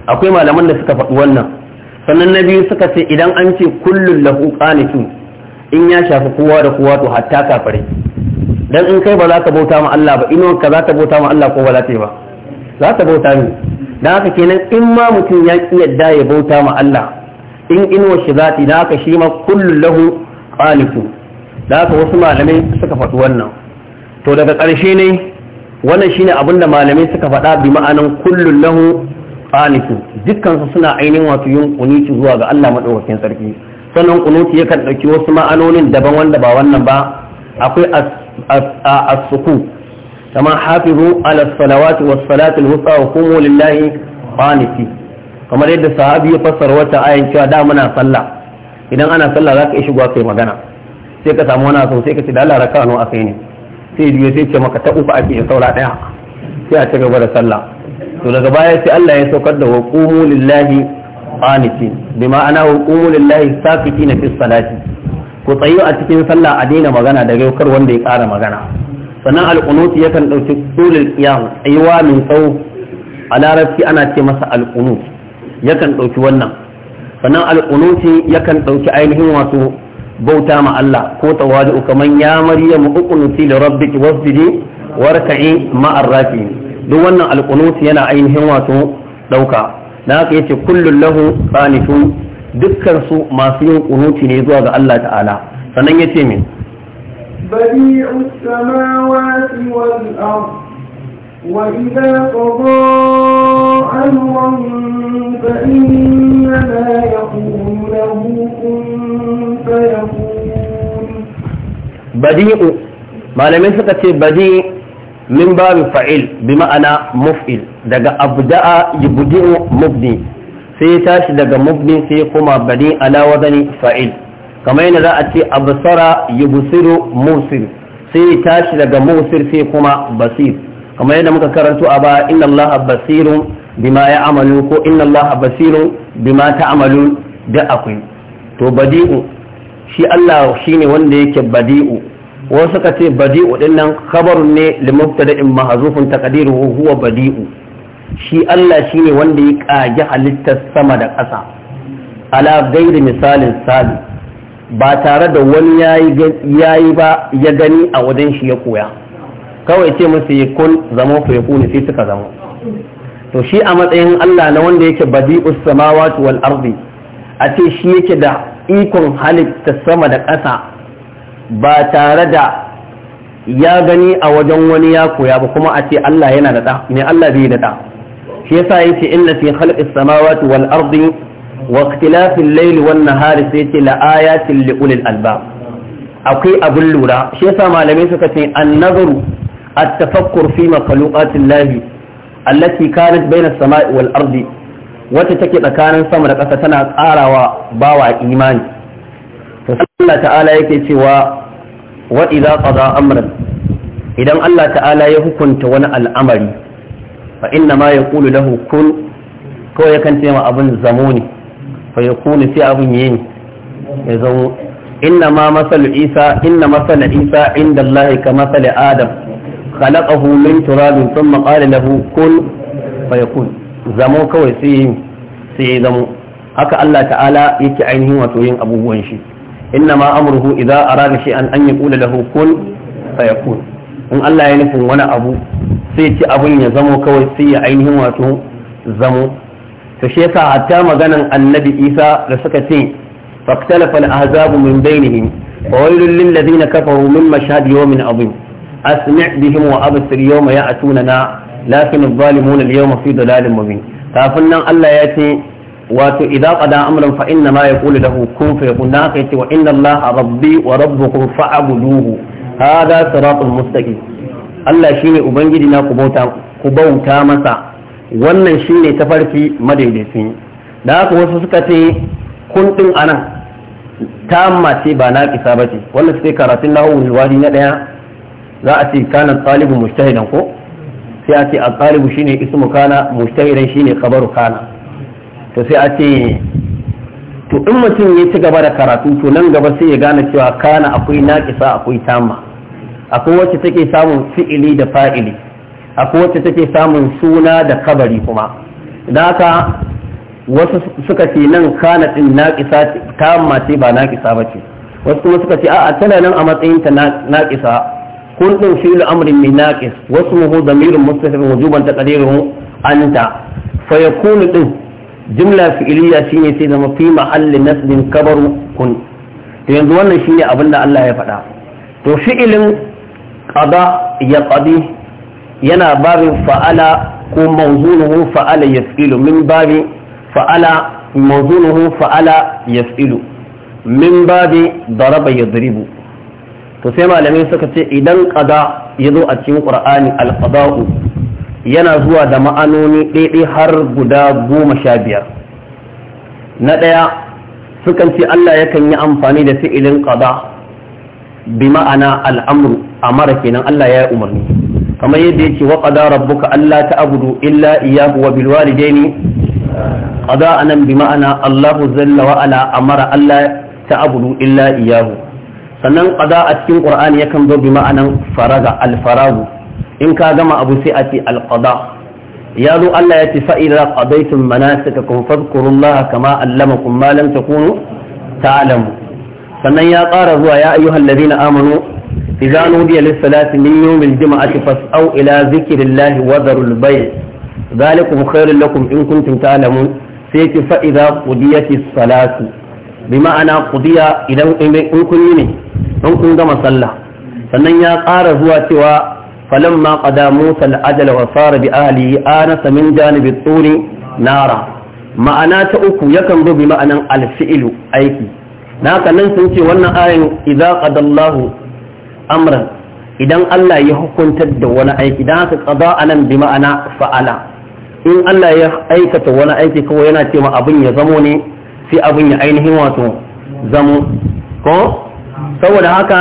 akwai malaman da suka faɗi wannan sannan na biyu suka ce idan an ce kullun lahu qanitun in ya shafi kowa da kowa to hatta kafare dan in kai ba za ka bauta ma Allah ba ino ka za ka bauta ma Allah ko ba za ta yi ba za ta bauta ni dan haka kenan in ma mutum ya ki yadda ya bauta ma Allah in inuwar shi zati da haka shi ma kullun lahu qanitu da haka wasu malamai suka faɗi wannan to daga ƙarshe ne wannan shine abin da malamai suka faɗa bi ma'anan kullun lahu qanitu dukkan suna ainihin wato yin kunuti zuwa ga Allah madaukakin sarki sannan kunuti yakan ɗauki wasu ma'anonin daban wanda ba wannan ba akwai as-suku kama hafizu ala salawati was salati al-wusta wa qumu lillahi qanitin kamar yadda sahabi ya fassara wata ayan cewa da muna sallah idan ana sallah za zaka iya shigowa kai magana sai ka samu wani abu sai ka ce da Allah raka nawa ne sai biyu sai ce maka ta uku ake yin saura daya sai a ci gaba da sallah to daga baya sai Allah ya saukar da waqumu lillahi qanitin bi ma'ana waqumu lillahi na fi salati ku tsayu a cikin sallah a daina magana da gaukar wanda ya kara magana sannan alƙunuti yakan ɗauki tsulil qiyam aywa min tsawo a larabci ana ce masa alƙunut yakan ɗauki wannan sannan alƙunuti yakan ɗauki ainihin wasu bauta ma Allah ko tawadu kaman ya maryamu uqnuti li rabbiki wasjudi warka'i ma'ar rafi duk wannan alƙunuti yana ainihin wasu ɗauka na haka yace kullun lahu qanitun dukkan su masu yin ƙunuti ne zuwa ga Allah ta'ala sannan yace min badi'us samawati wal ardh وَإِذَا قَضَى أَمْرًا فَإِنَّمَا يَقُولُ لَهُ كُن فَيَكُونُ بَدِيءُ مَعْنَى سُكَتْ بَدِيءُ من باب فعل بمعنى مفعل دغا ابدا يبدئ مبني في سيتاش دغا مبني في كما بدي على وزن فعل كما ان ذا اتي ابصر يبصر في سيتاش دغا مبصر في كما بصير kamar yadda muka karanto a ba inna Allah basirun bima ya amalu ko inna Allah basirun bima ta amalu da akwai to badi'u shi Allah shine wanda yake badi'u wasu suka ce badi'u din nan khabarun ne li mubtada'in mahzufun taqdiruhu huwa badi'u shi Allah shine wanda ya kage halittar sama da ƙasa ala gairi misalin sali ba tare da wani yayi ba ya gani a wajen shi ya koya kawai ce musu yi kun zamo fa yakuni sai suka zamo to shi a matsayin Allah na wanda yake badi'us samawati wal ardi a ce shi yake da ikon halitta sama da ƙasa ba tare da ya gani a wajen wani ya koya ba kuma a ce Allah yana da da ne Allah bai da da shi yasa yace inna fi khalqis samawati wal ardi wa ikhtilafil layli wan nahari sai yace la ayatin li ulil albab akwai abun lura shi yasa malamai suka ce an nazaru التفكر في مخلوقات الله التي كانت بين السماء والأرض وتتكي كان سمر قصتنا قارا وباوع إيمان فالله تعالى يكي وإذا قضى أمرا إذا الله تعالى يهكن تونا الأمر فإنما يقول له كن كو يكن تيما أبن زموني فيكون في أبن يين يزمو إنما مثل عيسى إن مثل عيسى عند الله كمثل آدم خلقه من تراب ثم قال له كن فيكون زمو كوي سي سي زمو هكا الله تعالى يكي عينه وتوين أبو وانشي إنما أمره إذا أراد شيئا أن يقول له كن فيكون إن الله ينفن وانا أبو سيتي أبو يزمو كوي سي عينه وتو زمو فشيكا حتى مغانا النبي إيسى لسكتين فاختلف الأحزاب من بينهم وويل للذين كفروا من مشهد يوم عظيم asmi' bihim wa ya yawma ya'tunana lakin adh-dhalimun al-yawma fi dalalin mubin kafin nan Allah ya ce wato idza qada amran fa inna ma yaqulu lahu kun fayakun na kai ce wa inna Allah rabbi wa rabbukum fa'buduhu hada siratul mustaqim Allah shine ubangiji na ku bauta ku bauta masa wannan shine tafarki madaidaici da haka wasu suka ce kun din anan tamma ce ba naqisa bace wanda suke karatun lahu wani na daya za a ce kana talibu mustahidan ko sai a ce a talibu shine ismu kana mustahidan shine kabaru kana to sai a ce to in mutum ya ci gaba da karatu to nan gaba sai ya gane cewa kana akwai naƙisa akwai tamma akwai wacce take samun fi'ili da fa'ili akwai wacce take samun suna da kabari kuma da haka wasu suka ce nan kana din naƙisa tamma ce ba naƙisa ba ce wasu kuma suka ce a'a tana nan a matsayin ta naƙisa kun ɗin fi al'amarin mai naƙis wasu muhu da zamirin mustafin wujuban taƙadirin anta fa ya kuni ɗin jimla fi'iliya shi ne sai zama fi ma'alli nasbin kabaru kun to yanzu wannan shi ne abin da Allah ya faɗa to fi'ilin ƙaba ya ƙadi yana babin fa'ala ko mawzunuhu fa'ala ya yaf'ilu min babin fa'ala mawzunuhu fa'ala ya yaf'ilu min babin daraba yadribu to sai malamai suka ce idan qada ya zo a cikin qur'ani al-qada'u yana zuwa da ma'anoni ɗaiɗai har guda goma sha biyar na ɗaya sukan ce Allah yakan yi amfani da fi'ilin qada bi ma'ana al'amru mara kenan Allah ya yi umarni kamar yadda ce wa qada rabbuka ta abudu illa iyyahu wa bil walidaini qada anan bi ma'ana Allahu zalla wa ala amara ta abudu illa iyyahu sannan qada a cikin kur'ani yakan zo bi ma'anan faraga alfaragu faragu in ka gama abu sai a ce al-qada ya zo Allah ya ce fa mana suka manasikakum fadhkurullaha kama allamakum ma kunu ta ta'lamu sannan ya ƙara zuwa ya ayyuhal na amanu idza nudiya lis-salati min yawmil jum'ati fas'au ila zikrillahi wa dharul bay' ذلكم خير لكم إن كنتم sai سيتي فإذا قضيت الصلاة bi ma'ana qudiya idan in kun yi ne in kun gama sallah sannan ya ƙara zuwa cewa falamma qada musa al-ajal wa sara bi ahlihi anasa min janibi turi nara ma'ana ta uku yakan zo bi ma'anan alfi'ilu aiki. na naka nan sun ce wannan ayin idza qadallahu amran idan Allah ya hukuntar da wani aiki dan haka qada anan bi ma'ana fa'ala in Allah ya aikata wani aiki kawai yana cewa abin ya zamo ne fi abin ya ainihin wato zamo ko saboda haka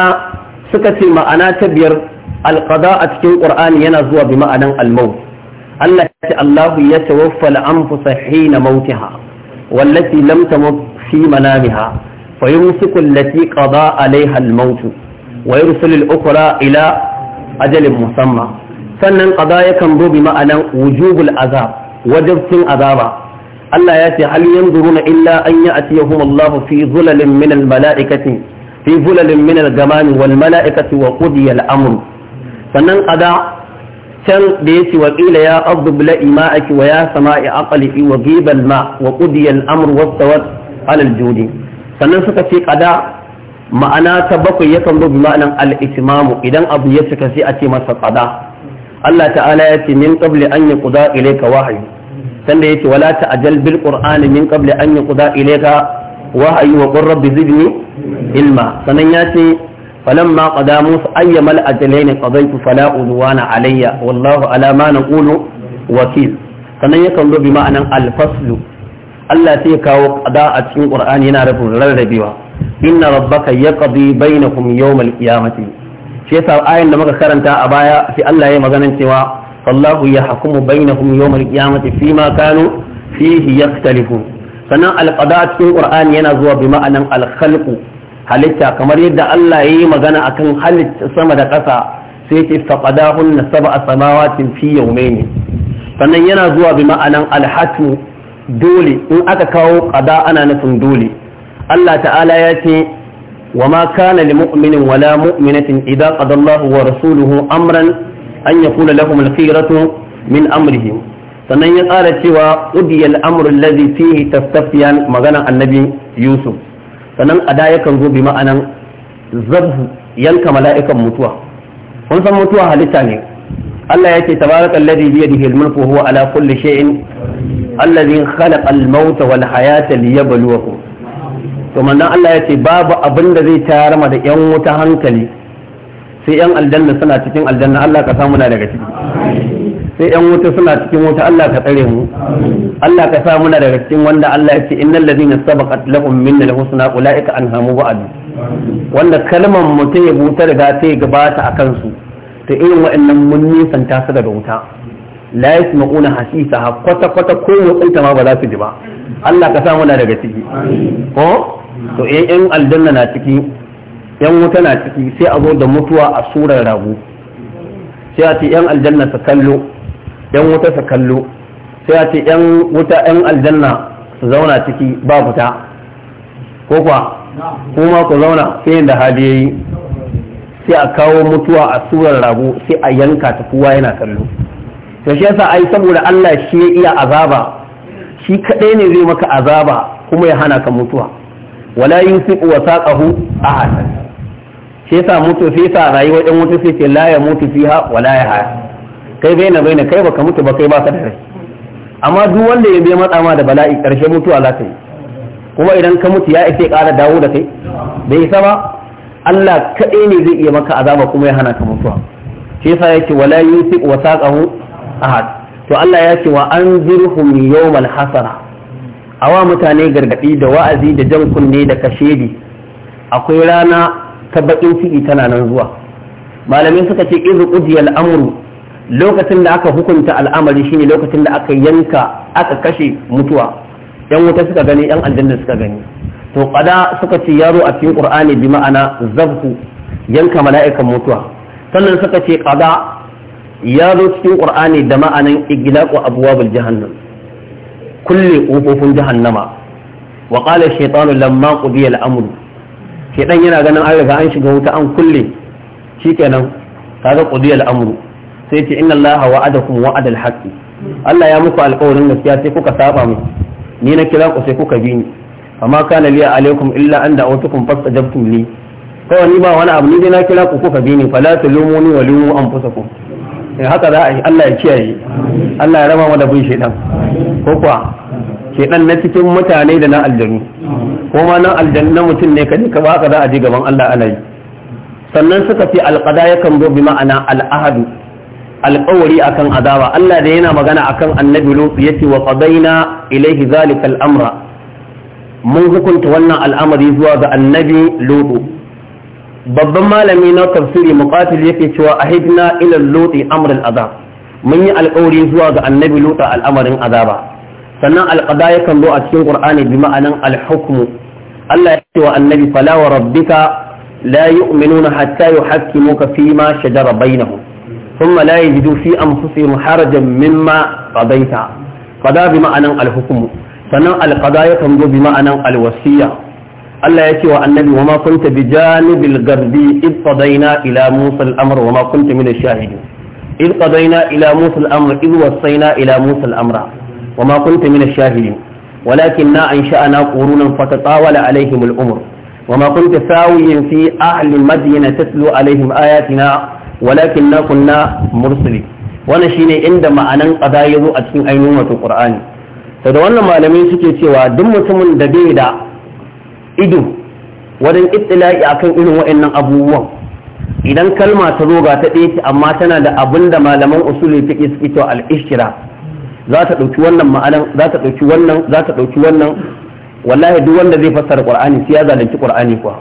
suka ce ma'ana ta biyar alqada a cikin qur'ani yana zuwa bi ma'anan almaut Allah ya ce Allahu ya tawaffa al-anfusa hina mautiha wallati lam tamut fi manamiha fayumsiku allati qada alaiha al-maut wa yursilu al-ukhra ila ajalin musamma sannan qada yakan zo bi ma'anan wujubul azab wajibcin azaba Allah ya ce hal yanzuruna illa an ya'tiyahum Allah fi zulalin min al-mala'ikati fi zulalin min al-gamam wal mala'ikati wa qudiya al-amr sannan ada can da yace wa qila ya ardu bla'i ma'aki wa ya sama'i aqli wa ghiba ma wa qudiya al-amr wa tawat ala al-judi sannan suka ce qada ma'ana ta bakwai yakan zo bi ma'anan al-itmamu idan abu ya cika sai a ce masa qada Allah ta'ala ya ce min qabli an yaqda ilayka wahyi sanda yake wala ta'jal bil qur'ani min qabli an yuqda ilayka wahayi wa qur rabbi zidni ilma sanan yace falamma qada musa ayyamal ajalain qadaytu fala udwana alayya wallahu ala ma naqulu wakil sanan yakan zo bi ma'anan al faslu Allah sai kawo qada a cikin qur'ani yana rubun rarrabewa inna rabbaka yaqdi bainakum yawmal qiyamati shi yasa ayin da muka karanta a baya sai Allah ya maganan cewa sallahu ya hukumu bainahum yawmal qiyamati fima kanu fihi yaktalifun sannan alqada cikin ƙur'ani yana zuwa bi ma'anan alkhalqu halitta kamar yadda Allah ya yi magana akan halitta sama da ƙasa sai ce faqadahunna sab'a samawatin fi yawmayn sannan yana zuwa bi ma'anan alhatmu dole in aka kawo qada ana nufin dole Allah ta'ala ya ce wa ma kana lil mu'minin wala mu'minatin idza qada Allahu wa rasuluhu amran an yakuna lahum al min amrihim sannan ya tsara cewa udiya al-amru alladhi fihi tastafiyan magana annabi yusuf sannan ada yakan zo bi ma'anan zabhu yanka mala'ikan mutuwa kun san mutuwa halitta ne Allah yake tabaraka alladhi bi yadihi al-mulku huwa ala kulli shay'in alladhi khalaqa al-maut wal hayata liyabluwakum to manzon Allah yace babu abin da zai tayar ma da yan wuta hankali sai yan aljanna suna cikin aljanna Allah ka samu na daga ciki sai yan wuta suna cikin wuta Allah ka tsare mu Allah ka samu na daga cikin wanda Allah ya ce innal ladina sabaqat lahum minna alhusna ulaika anhamu ba'd wanda kalmar mutum ya buta daga ta gabata akan su to irin waɗannan mun nisanta su daga wuta la yasma'una hasisa kwata kwata ko motsinta ma ba za su ji ba Allah ka samu na daga ciki ko to in aljanna na ciki yan wuta na ciki sai a zo da mutuwa a surar rago sai a ce yan aljanna su kallo yan wuta su kallo sai a ce yan wuta yan aljanna su zauna ciki ba fita ko kuwa kuma ku zauna sai da hadi yayi sai a kawo mutuwa a surar rago sai a yanka ta kowa yana kallo to shi yasa ai saboda Allah shi ya iya azaba shi kadai ne zai maka azaba kuma ya hana ka mutuwa wala yusiqu wasaqahu ahad shi yasa mutu sai sa rayuwa ɗan wata sai ce la ya mutu fiha wa la ya haya kai bai na bai na kai baka mutu ba kai ba da rai amma duk wanda ya bai matsa ma da bala'i karshe mutuwa za ta yi kuma idan ka mutu ya ita ƙara dawo da kai bai isa ba Allah kaɗai ne zai iya maka azaba kuma ya hana ka mutuwa shi yasa ce wala yusiq wa saqahu ahad to Allah ya ce wa anzirhum yawmal hasara awa mutane gargadi da wa'azi da jan kunne da kashedi akwai rana tabbacin bakin ciki tana nan zuwa malamai suka ce izu udiya al'amuru lokacin da aka hukunta al'amari shine lokacin da aka yanka aka kashe mutuwa yan wuta suka gani yan aljanna suka gani to kada suka ce yaro a cikin qur'ani bi ma'ana zabhu yanka mala'ikan mutuwa sannan suka ce kada ya zo cikin qur'ani da ma'anan iglaqu abwabul jahannam kulle kofofin jahannama wa qala shaytanu lamma qudiya amru shedan yana ganin an riga an shiga wuta an kulle shikenan kaga qudiya al-amru sai ce inna allaha wa'adakum wa'ada al-haqqi Allah ya muku alƙawarin gaskiya sai kuka saba mu ni na kira ku sai kuka bi ni amma kana liya alaikum illa an da'awtukum fastajabtum li kawai ni ba wani abu ni dai na kira ku kuka bi ni fala tulumuni wa lumu anfusakum eh haka za a yi Allah ya kiyaye Allah ya raba mu da bin shedan ko kuwa shedan na cikin mutane da na aljanu kuma nan aljanna mutum ne kaje ka baka za a je gaban Allah alai sannan suka fi alqada yakan zo bi ma'ana al'ahadu alƙawari akan azaba Allah da yana magana akan annabi Lutu yace wa qadaina ilayhi zalika al'amra mun hukunta wannan al'amari zuwa ga annabi Lutu babban malami na tafsiri muqatil yake cewa ahidna ila lutu amr al azab mun yi alƙawari zuwa ga annabi Lutu al'amarin azaba sannan alqada yakan zo a cikin qur'ani bi ma'anan alhukmu Allah ya ce wa annabi fala wa rabbika لا يؤمنون حتى يحكموك فيما شجر بينهم ثم لا يجدوا في أنفسهم حرجا مما قضيت قضى بمعنى الحكم سنة القضاء تنظر بمعنى الوصية الله يتي النبي وما كنت بجانب الغربي إذ قضينا إلى موسى الأمر وما كنت من الشاهدين إذ قضينا إلى موسى الأمر إذ وصينا إلى موسى الأمر وما كنت من الشاهدين ولكننا أنشأنا قرونا فتطاول عليهم الأمر وما كنت ساويا في أهل المدينة تتلو عليهم آياتنا ولكننا كنا مرسلين wannan shine inda ma'anan ƙaza ya zo a cikin ainihin wato ƙur'ani to da wannan malamai suke cewa duk mutumin da bai da ido wajen ittila'i akan irin wa'annan abubuwan idan kalma ta zo ga ta ɗaya amma tana da abinda da malaman usuli fiqh suke cewa za ta ɗauki wannan ma'anan za ta ɗauki wannan za ta ɗauki wannan wallahi duk wanda zai fassara qur'ani sai ya zalunci qur'ani kuwa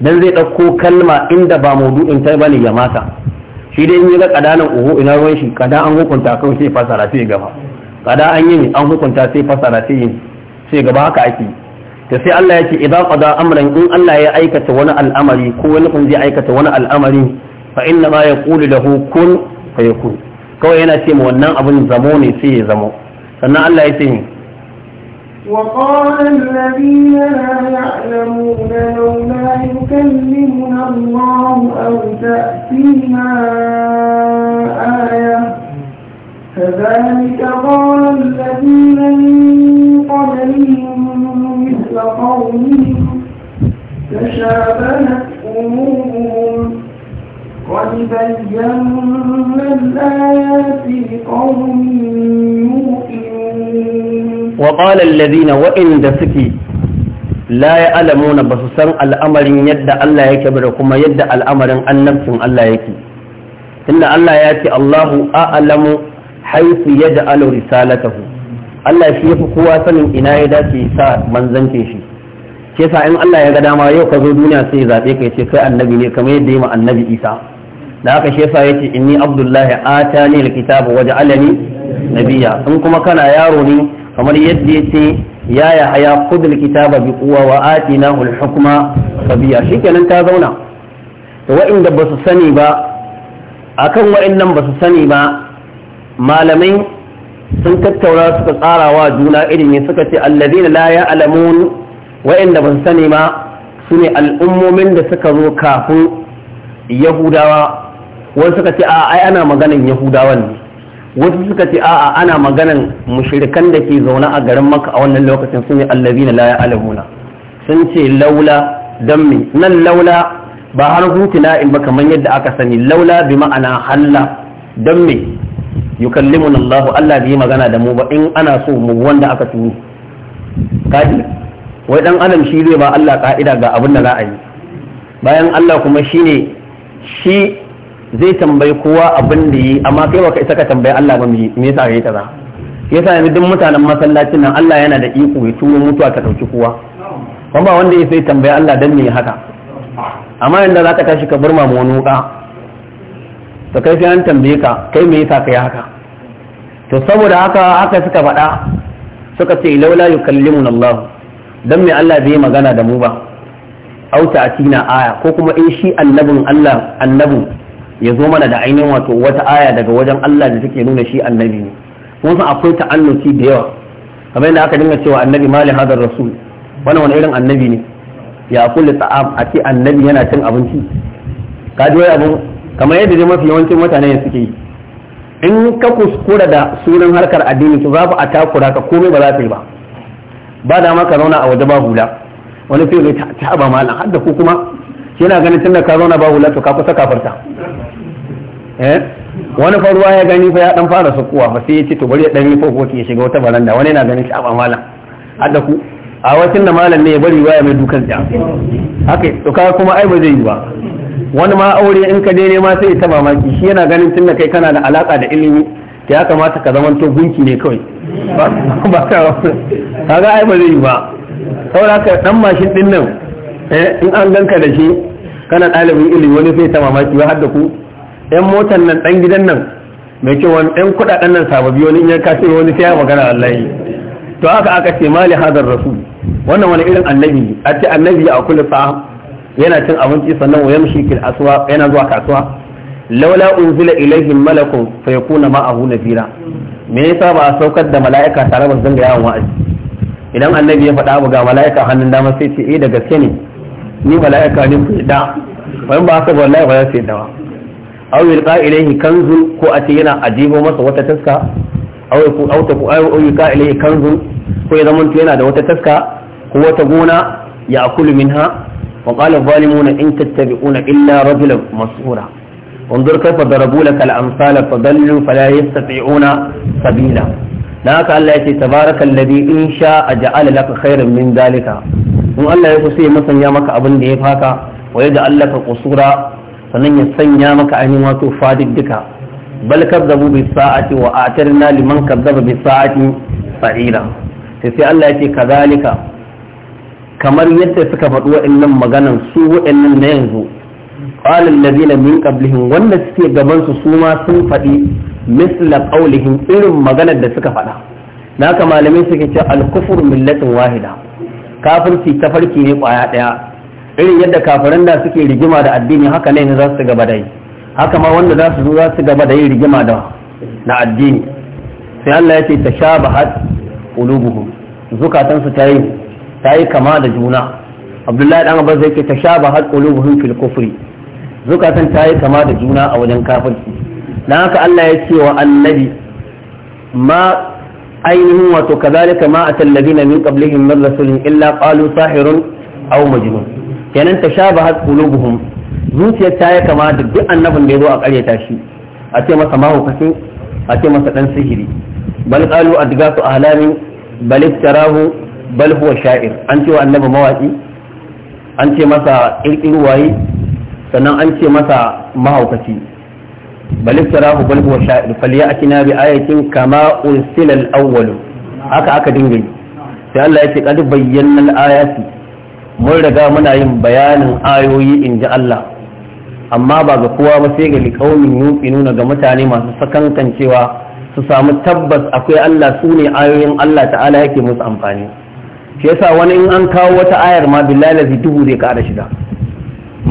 dan zai ɗauko kalma inda ba maudu'in ta bane ya mata shi dai in yi ga kadanan uhu ina ruwan shi kada an hukunta kawai sai fassara sai gaba kada an yi an hukunta sai fassara sai yi sai gaba haka ake to sai Allah yake idan qada amran in Allah ya aikata wani al'amari ko wani kun zai aikata wani al'amari fa inna ma yaqulu lahu kun fayakun kawai yana ce wannan abin zamo ne sai ya zamo sannan Allah ya ce ni وقال الذين لا يعلمون لولا يكلمنا الله أو تأتينا آية كذلك قال الذين من قبلهم مثل قومهم تشابهت أمورهم بينا الآيات لقوم يوقنون وقال الذين وإن دسكي لا يعلمون بسسن الأمر يد الله يكبر كما يد الأمر النفس الله يكي إن الله يأتي الله أعلم حيث يجعل رسالته Allah shi ya fi kowa sanin ina ya dace sa manzance shi ke sa in Allah ya ga dama yau ka zo duniya sai ya zaɓe ka ce kai annabi ne kamar yadda ya ma annabi Isa da haka shi yasa yace inni abdullahi waje alkitaba na biya in kuma kana yaro ne kamar yadda yace ya ya haya khudh alkitaba bi quwwa wa atinahu alhukma sabiya shikenan ta zauna to wa'inda ba su sani ba akan wa'innan ba su sani ba malamai sun tattauna suka tsara wa juna ilimi suka ce na la ya'lamun wa'inda ba su sani su sune al'ummomin da suka zo kafin yahudawa wasu suka ce a ai ana maganan yahudawan ne wasu suka ce a'a ana maganan mushrikan da ke zaune a garin maka a wannan lokacin sun yi allazina la ya'lamuna sun ce laula dan me nan laula ba har hutina in ba kamar yadda aka sani laula bi ma'ana halla dan me yukallimuna Allah Allah bai magana da mu ba in ana so mu wanda aka tuni kaji wai dan adam shi zai ba Allah ka'ida ga abin da za bayan Allah kuma shine shi zai tambayi kowa abin da yi amma kai baka isa ka tambayi Allah ba me yasa yayi kaza yasa yanzu duk mutanen masallacin nan Allah yana da iko ya turo mutuwa ta dauki kowa kuma wanda ya sai tambayi Allah dan me haka amma yanda zaka tashi ka burma mu wani wuka to kai sai an tambaye ka kai me yasa kai haka to saboda haka aka suka faɗa suka ce laula yukallimuna Allah dan me Allah yi magana da mu ba auta atina aya ko kuma in shi annabin Allah annabin ya zo mana da ainihin wato wata aya daga wajen Allah da take nuna shi annabi ne kuma sun akwai ta'annuki da yawa kamar yadda aka dinga cewa annabi mali hadar rasul wannan wani irin annabi ne ya kulli ta'am a ce annabi yana cin abinci ka ji abin kamar yadda dai mafi yawancin mutane suke yi in ka kuskura da sunan harkar addini to za a takura ka komai ba za ka yi ba ba da maka zauna a waje ba hula wani sai ta taɓa malam har da ku kuma yana ganin tunda ka zauna ba hula to ka kusa kafarta Eh? wani faruwa ya gani fa ya dan fara sukuwa fa sai ya ce to bari ya dan yi fofoki ya shiga wata baranda wani yana ganin shi a malam hadda ku a wacin da malam ne ya bari waya mai dukan ja haka to ka kuma ai ba zai yi ba wani ma aure in ka ne ma sai ta mamaki shi yana ganin tunda kai kana da alaka da ilimi ta ya kamata ka zama to gunki ne kawai ba ka kaga ai ba zai yi ba saboda ka dan mashin din nan eh, in an ganka da shi kana ɗalibin ilimi wani sai ta mamaki ba hadda ku yan motan nan dan gidan nan mai ce wani yan kudaden nan sababi wani in ya kashe wani sai ya magana Allah to haka aka ce mali hadar rasul wannan wani irin annabi a ce annabi a kullu sa'a yana cin abinci sannan wa yamshi fil aswa yana zuwa kasuwa laula unzila ilaihim malakun fa yakuna ma'ahu nadira me yasa ba a saukar da mala'ika tare ba zanga yawan wa'azi idan annabi ya faɗa abu ga mala'ika hannun dama sai ce eh da gaske ne ni mala'ika ne ku da wani ba wallahi ba za su dawa. aw yulqa ilayhi kanzun ko a ce yana ajibo masa wata taska aw ku aw ta ku aw yulqa ilayhi kanzun ko ya zamanto yana da wata taska ko wata gona ya akulu minha wa qala zalimuna in tattabi'una illa rajulan mas'ura انظر كيف ضربوا لك الامثال فضلوا فلا يستطيعون سبيلا لك الله يتي تبارك الذي ان شاء جعل لك خيرا من ذلك in Allah ya so sai masanya maka abin da ya faka wa yadda Allah ka kusura sannan ya sanya maka ainihin wato fadiddika bal kazzabu bis sa'ati wa atarna liman kazzaba bis sa'ati sa'ira sai sai Allah ya ce kazalika kamar yadda suka faɗi wa'annan maganan su wa'annan na yanzu qala allazina min qablihim wanda suke gaban su su ma sun faɗi misla qawlihim irin maganar da suka faɗa naka malamai suke cewa al-kufru millatin wahida kafirci tafarki ne kwaya daya irin yadda kafiran da suke rigima da addini haka ne za su gaba da yi haka ma wanda za su zo za su gaba da yi rigima da na addini sai Allah ya ce ta sha bahat qulubuhum zukatansu ta yi ta yi kama da juna Abdullahi dan Abbas yake ta sha bahat qulubuhum fil kufri zukatan ta yi kama da juna a wajen kafirci dan haka Allah ya ce wa annabi ma ainihin wato kazalika ma atal ladina min qablihim min rasulin illa qalu sahirun aw majnun kenan ta sha bahar buhun zuciyar ta ya kama da duk annabin da ya zo a karyata shi a ce masa mahaukaci a ce masa dan sihiri bal diga su ahlamin bal tarahu bal huwa sha'ir an ce wa annabi mawaki an ce masa kirkirwaye sannan an ce masa mahaukaci bal tarahu bal huwa sha'ir falyatina bi ayatin kama ursila al-awwal haka aka dinga yi sai Allah ya ce qad bayyana al-ayati mun riga muna yin bayanin ayoyi in ji Allah amma ba ga kowa ba sai ga liƙaumin nuna ga mutane masu sakankancewa su samu tabbas akwai Allah su ne ayoyin Allah ta'ala yake musu amfani shi yasa wani in an kawo wata ayar ma billahi lazi dubu zai ƙara shida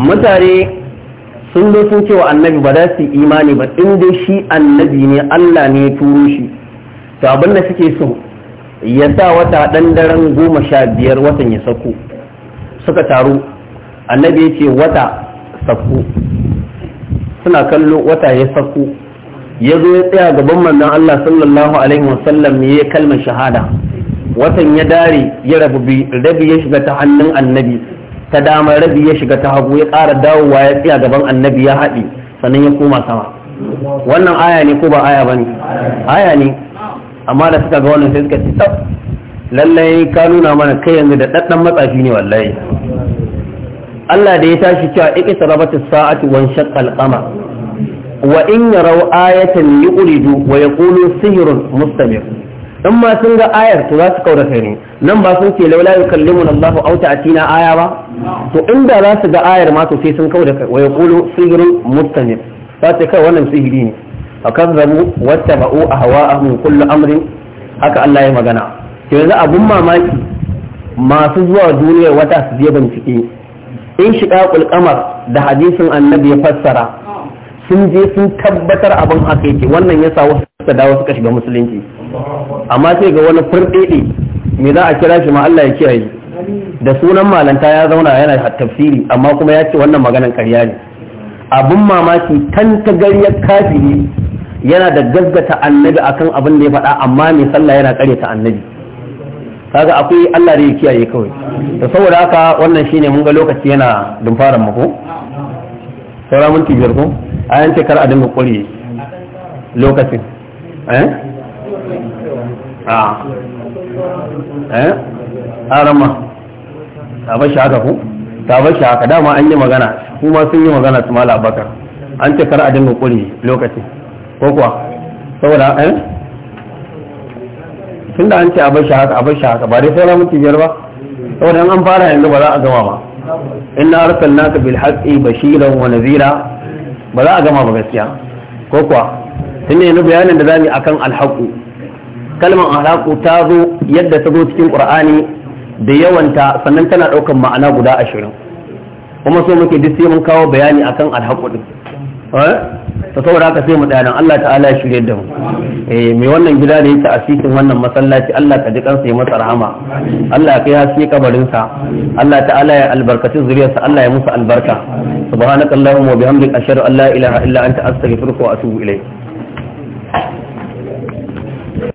mutane sun zo sun cewa annabi ba za su imani ba in dai shi annabi ne Allah ne ya turo shi to abin da suke so ya sa wata ɗan daren goma sha biyar watan ya sako suka taru annabi ya ce wata sakku suna kallo wata ya sakku ya zo ya tsaya gaban manzon Allah sallallahu alaihi wasallam ya yi shahada watan ya dare ya rabu biyu rabi ya shiga ta hannun annabi ta dama rabi ya shiga ta hagu ya kara dawowa ya tsaya gaban annabi ya haɗi sannan ya koma sama wannan aya ne ko ba aya bane aya ne amma da suka ga wannan sai suka ce lallai ka nuna mana kai yanzu da ɗanɗan matsafi ne wallahi Allah da ya tashi cewa iki sarabata sa'atu wan shaqqal qamar wa in yaraw ayatan yuqridu wa yaqulu sihrun mustamir in ma sun ga ayar to za su kaura kai ne nan ba sun ce laula yukallimuna Allahu aw ta'tina aya ba to inda za su ga ayar ma to sai sun kaura kai wa yaqulu sihrun mustamir za su kai wannan sihiri ne fakazzabu wattaba'u ahwa'ahum kullu amrin haka Allah ya magana yanzu abun mamaki masu zuwa duniya wata su je bincike in shiga kulkamar da hadisin annabi ya fassara sun je sun tabbatar abin haka yake wannan ya sa wasu suka dawo suka shiga musulunci amma sai ga wani furɗeɗe me za a kira shi ma Allah ya kiyaye da sunan malanta ya zauna yana tafsiri amma kuma ya ce wannan maganan karya ne abun mamaki kan ta gariyar kafiri yana da gaggata annabi akan abin da ya faɗa amma mai sallah yana ƙare ta annabi kaga akwai Allah da ya kiyaye kawai da saboda haka wannan shine mun ga lokaci yana dumfaran mu ko saura minti biyar ko a yanke kar a dinga kuri lokacin eh a ah. eh arama ah, ta bashi haka ko ta bashi haka dama an yi magana kuma sun yi magana su mala abakar an ce kar a dinga kuri lokacin ko kuwa saboda eh tun da an ce a bar shi haka a bar shi haka ba dai sauran mutum biyar ba saboda an fara yanzu ba za a gama ba inna arsalnaka bil haqqi bashiran wa nadhira ba za a gama ba gaskiya ko kuwa tun da yanzu bayanin da zamu akan alhaku kalmar alhaqu ta zo yadda ta zo cikin qur'ani da yawanta sannan tana daukan ma'ana guda ashirin kuma so muke duk sai mun kawo bayani akan alhaku. din Eh? ta saboda haka sai mu tsaya don, Allah ta'ala ya shirye da mu eh mai wannan gida da yake asisin wannan masallaci Allah ka ji kansa ya masa rahama Allah ka haske kabarin sa Allah ta'ala ya albarkaci zuriyarsa Allah ya musu albarka subhanakallahumma wa bihamdika ashhadu an la ilaha illa anta astaghfiruka wa atubu ilayk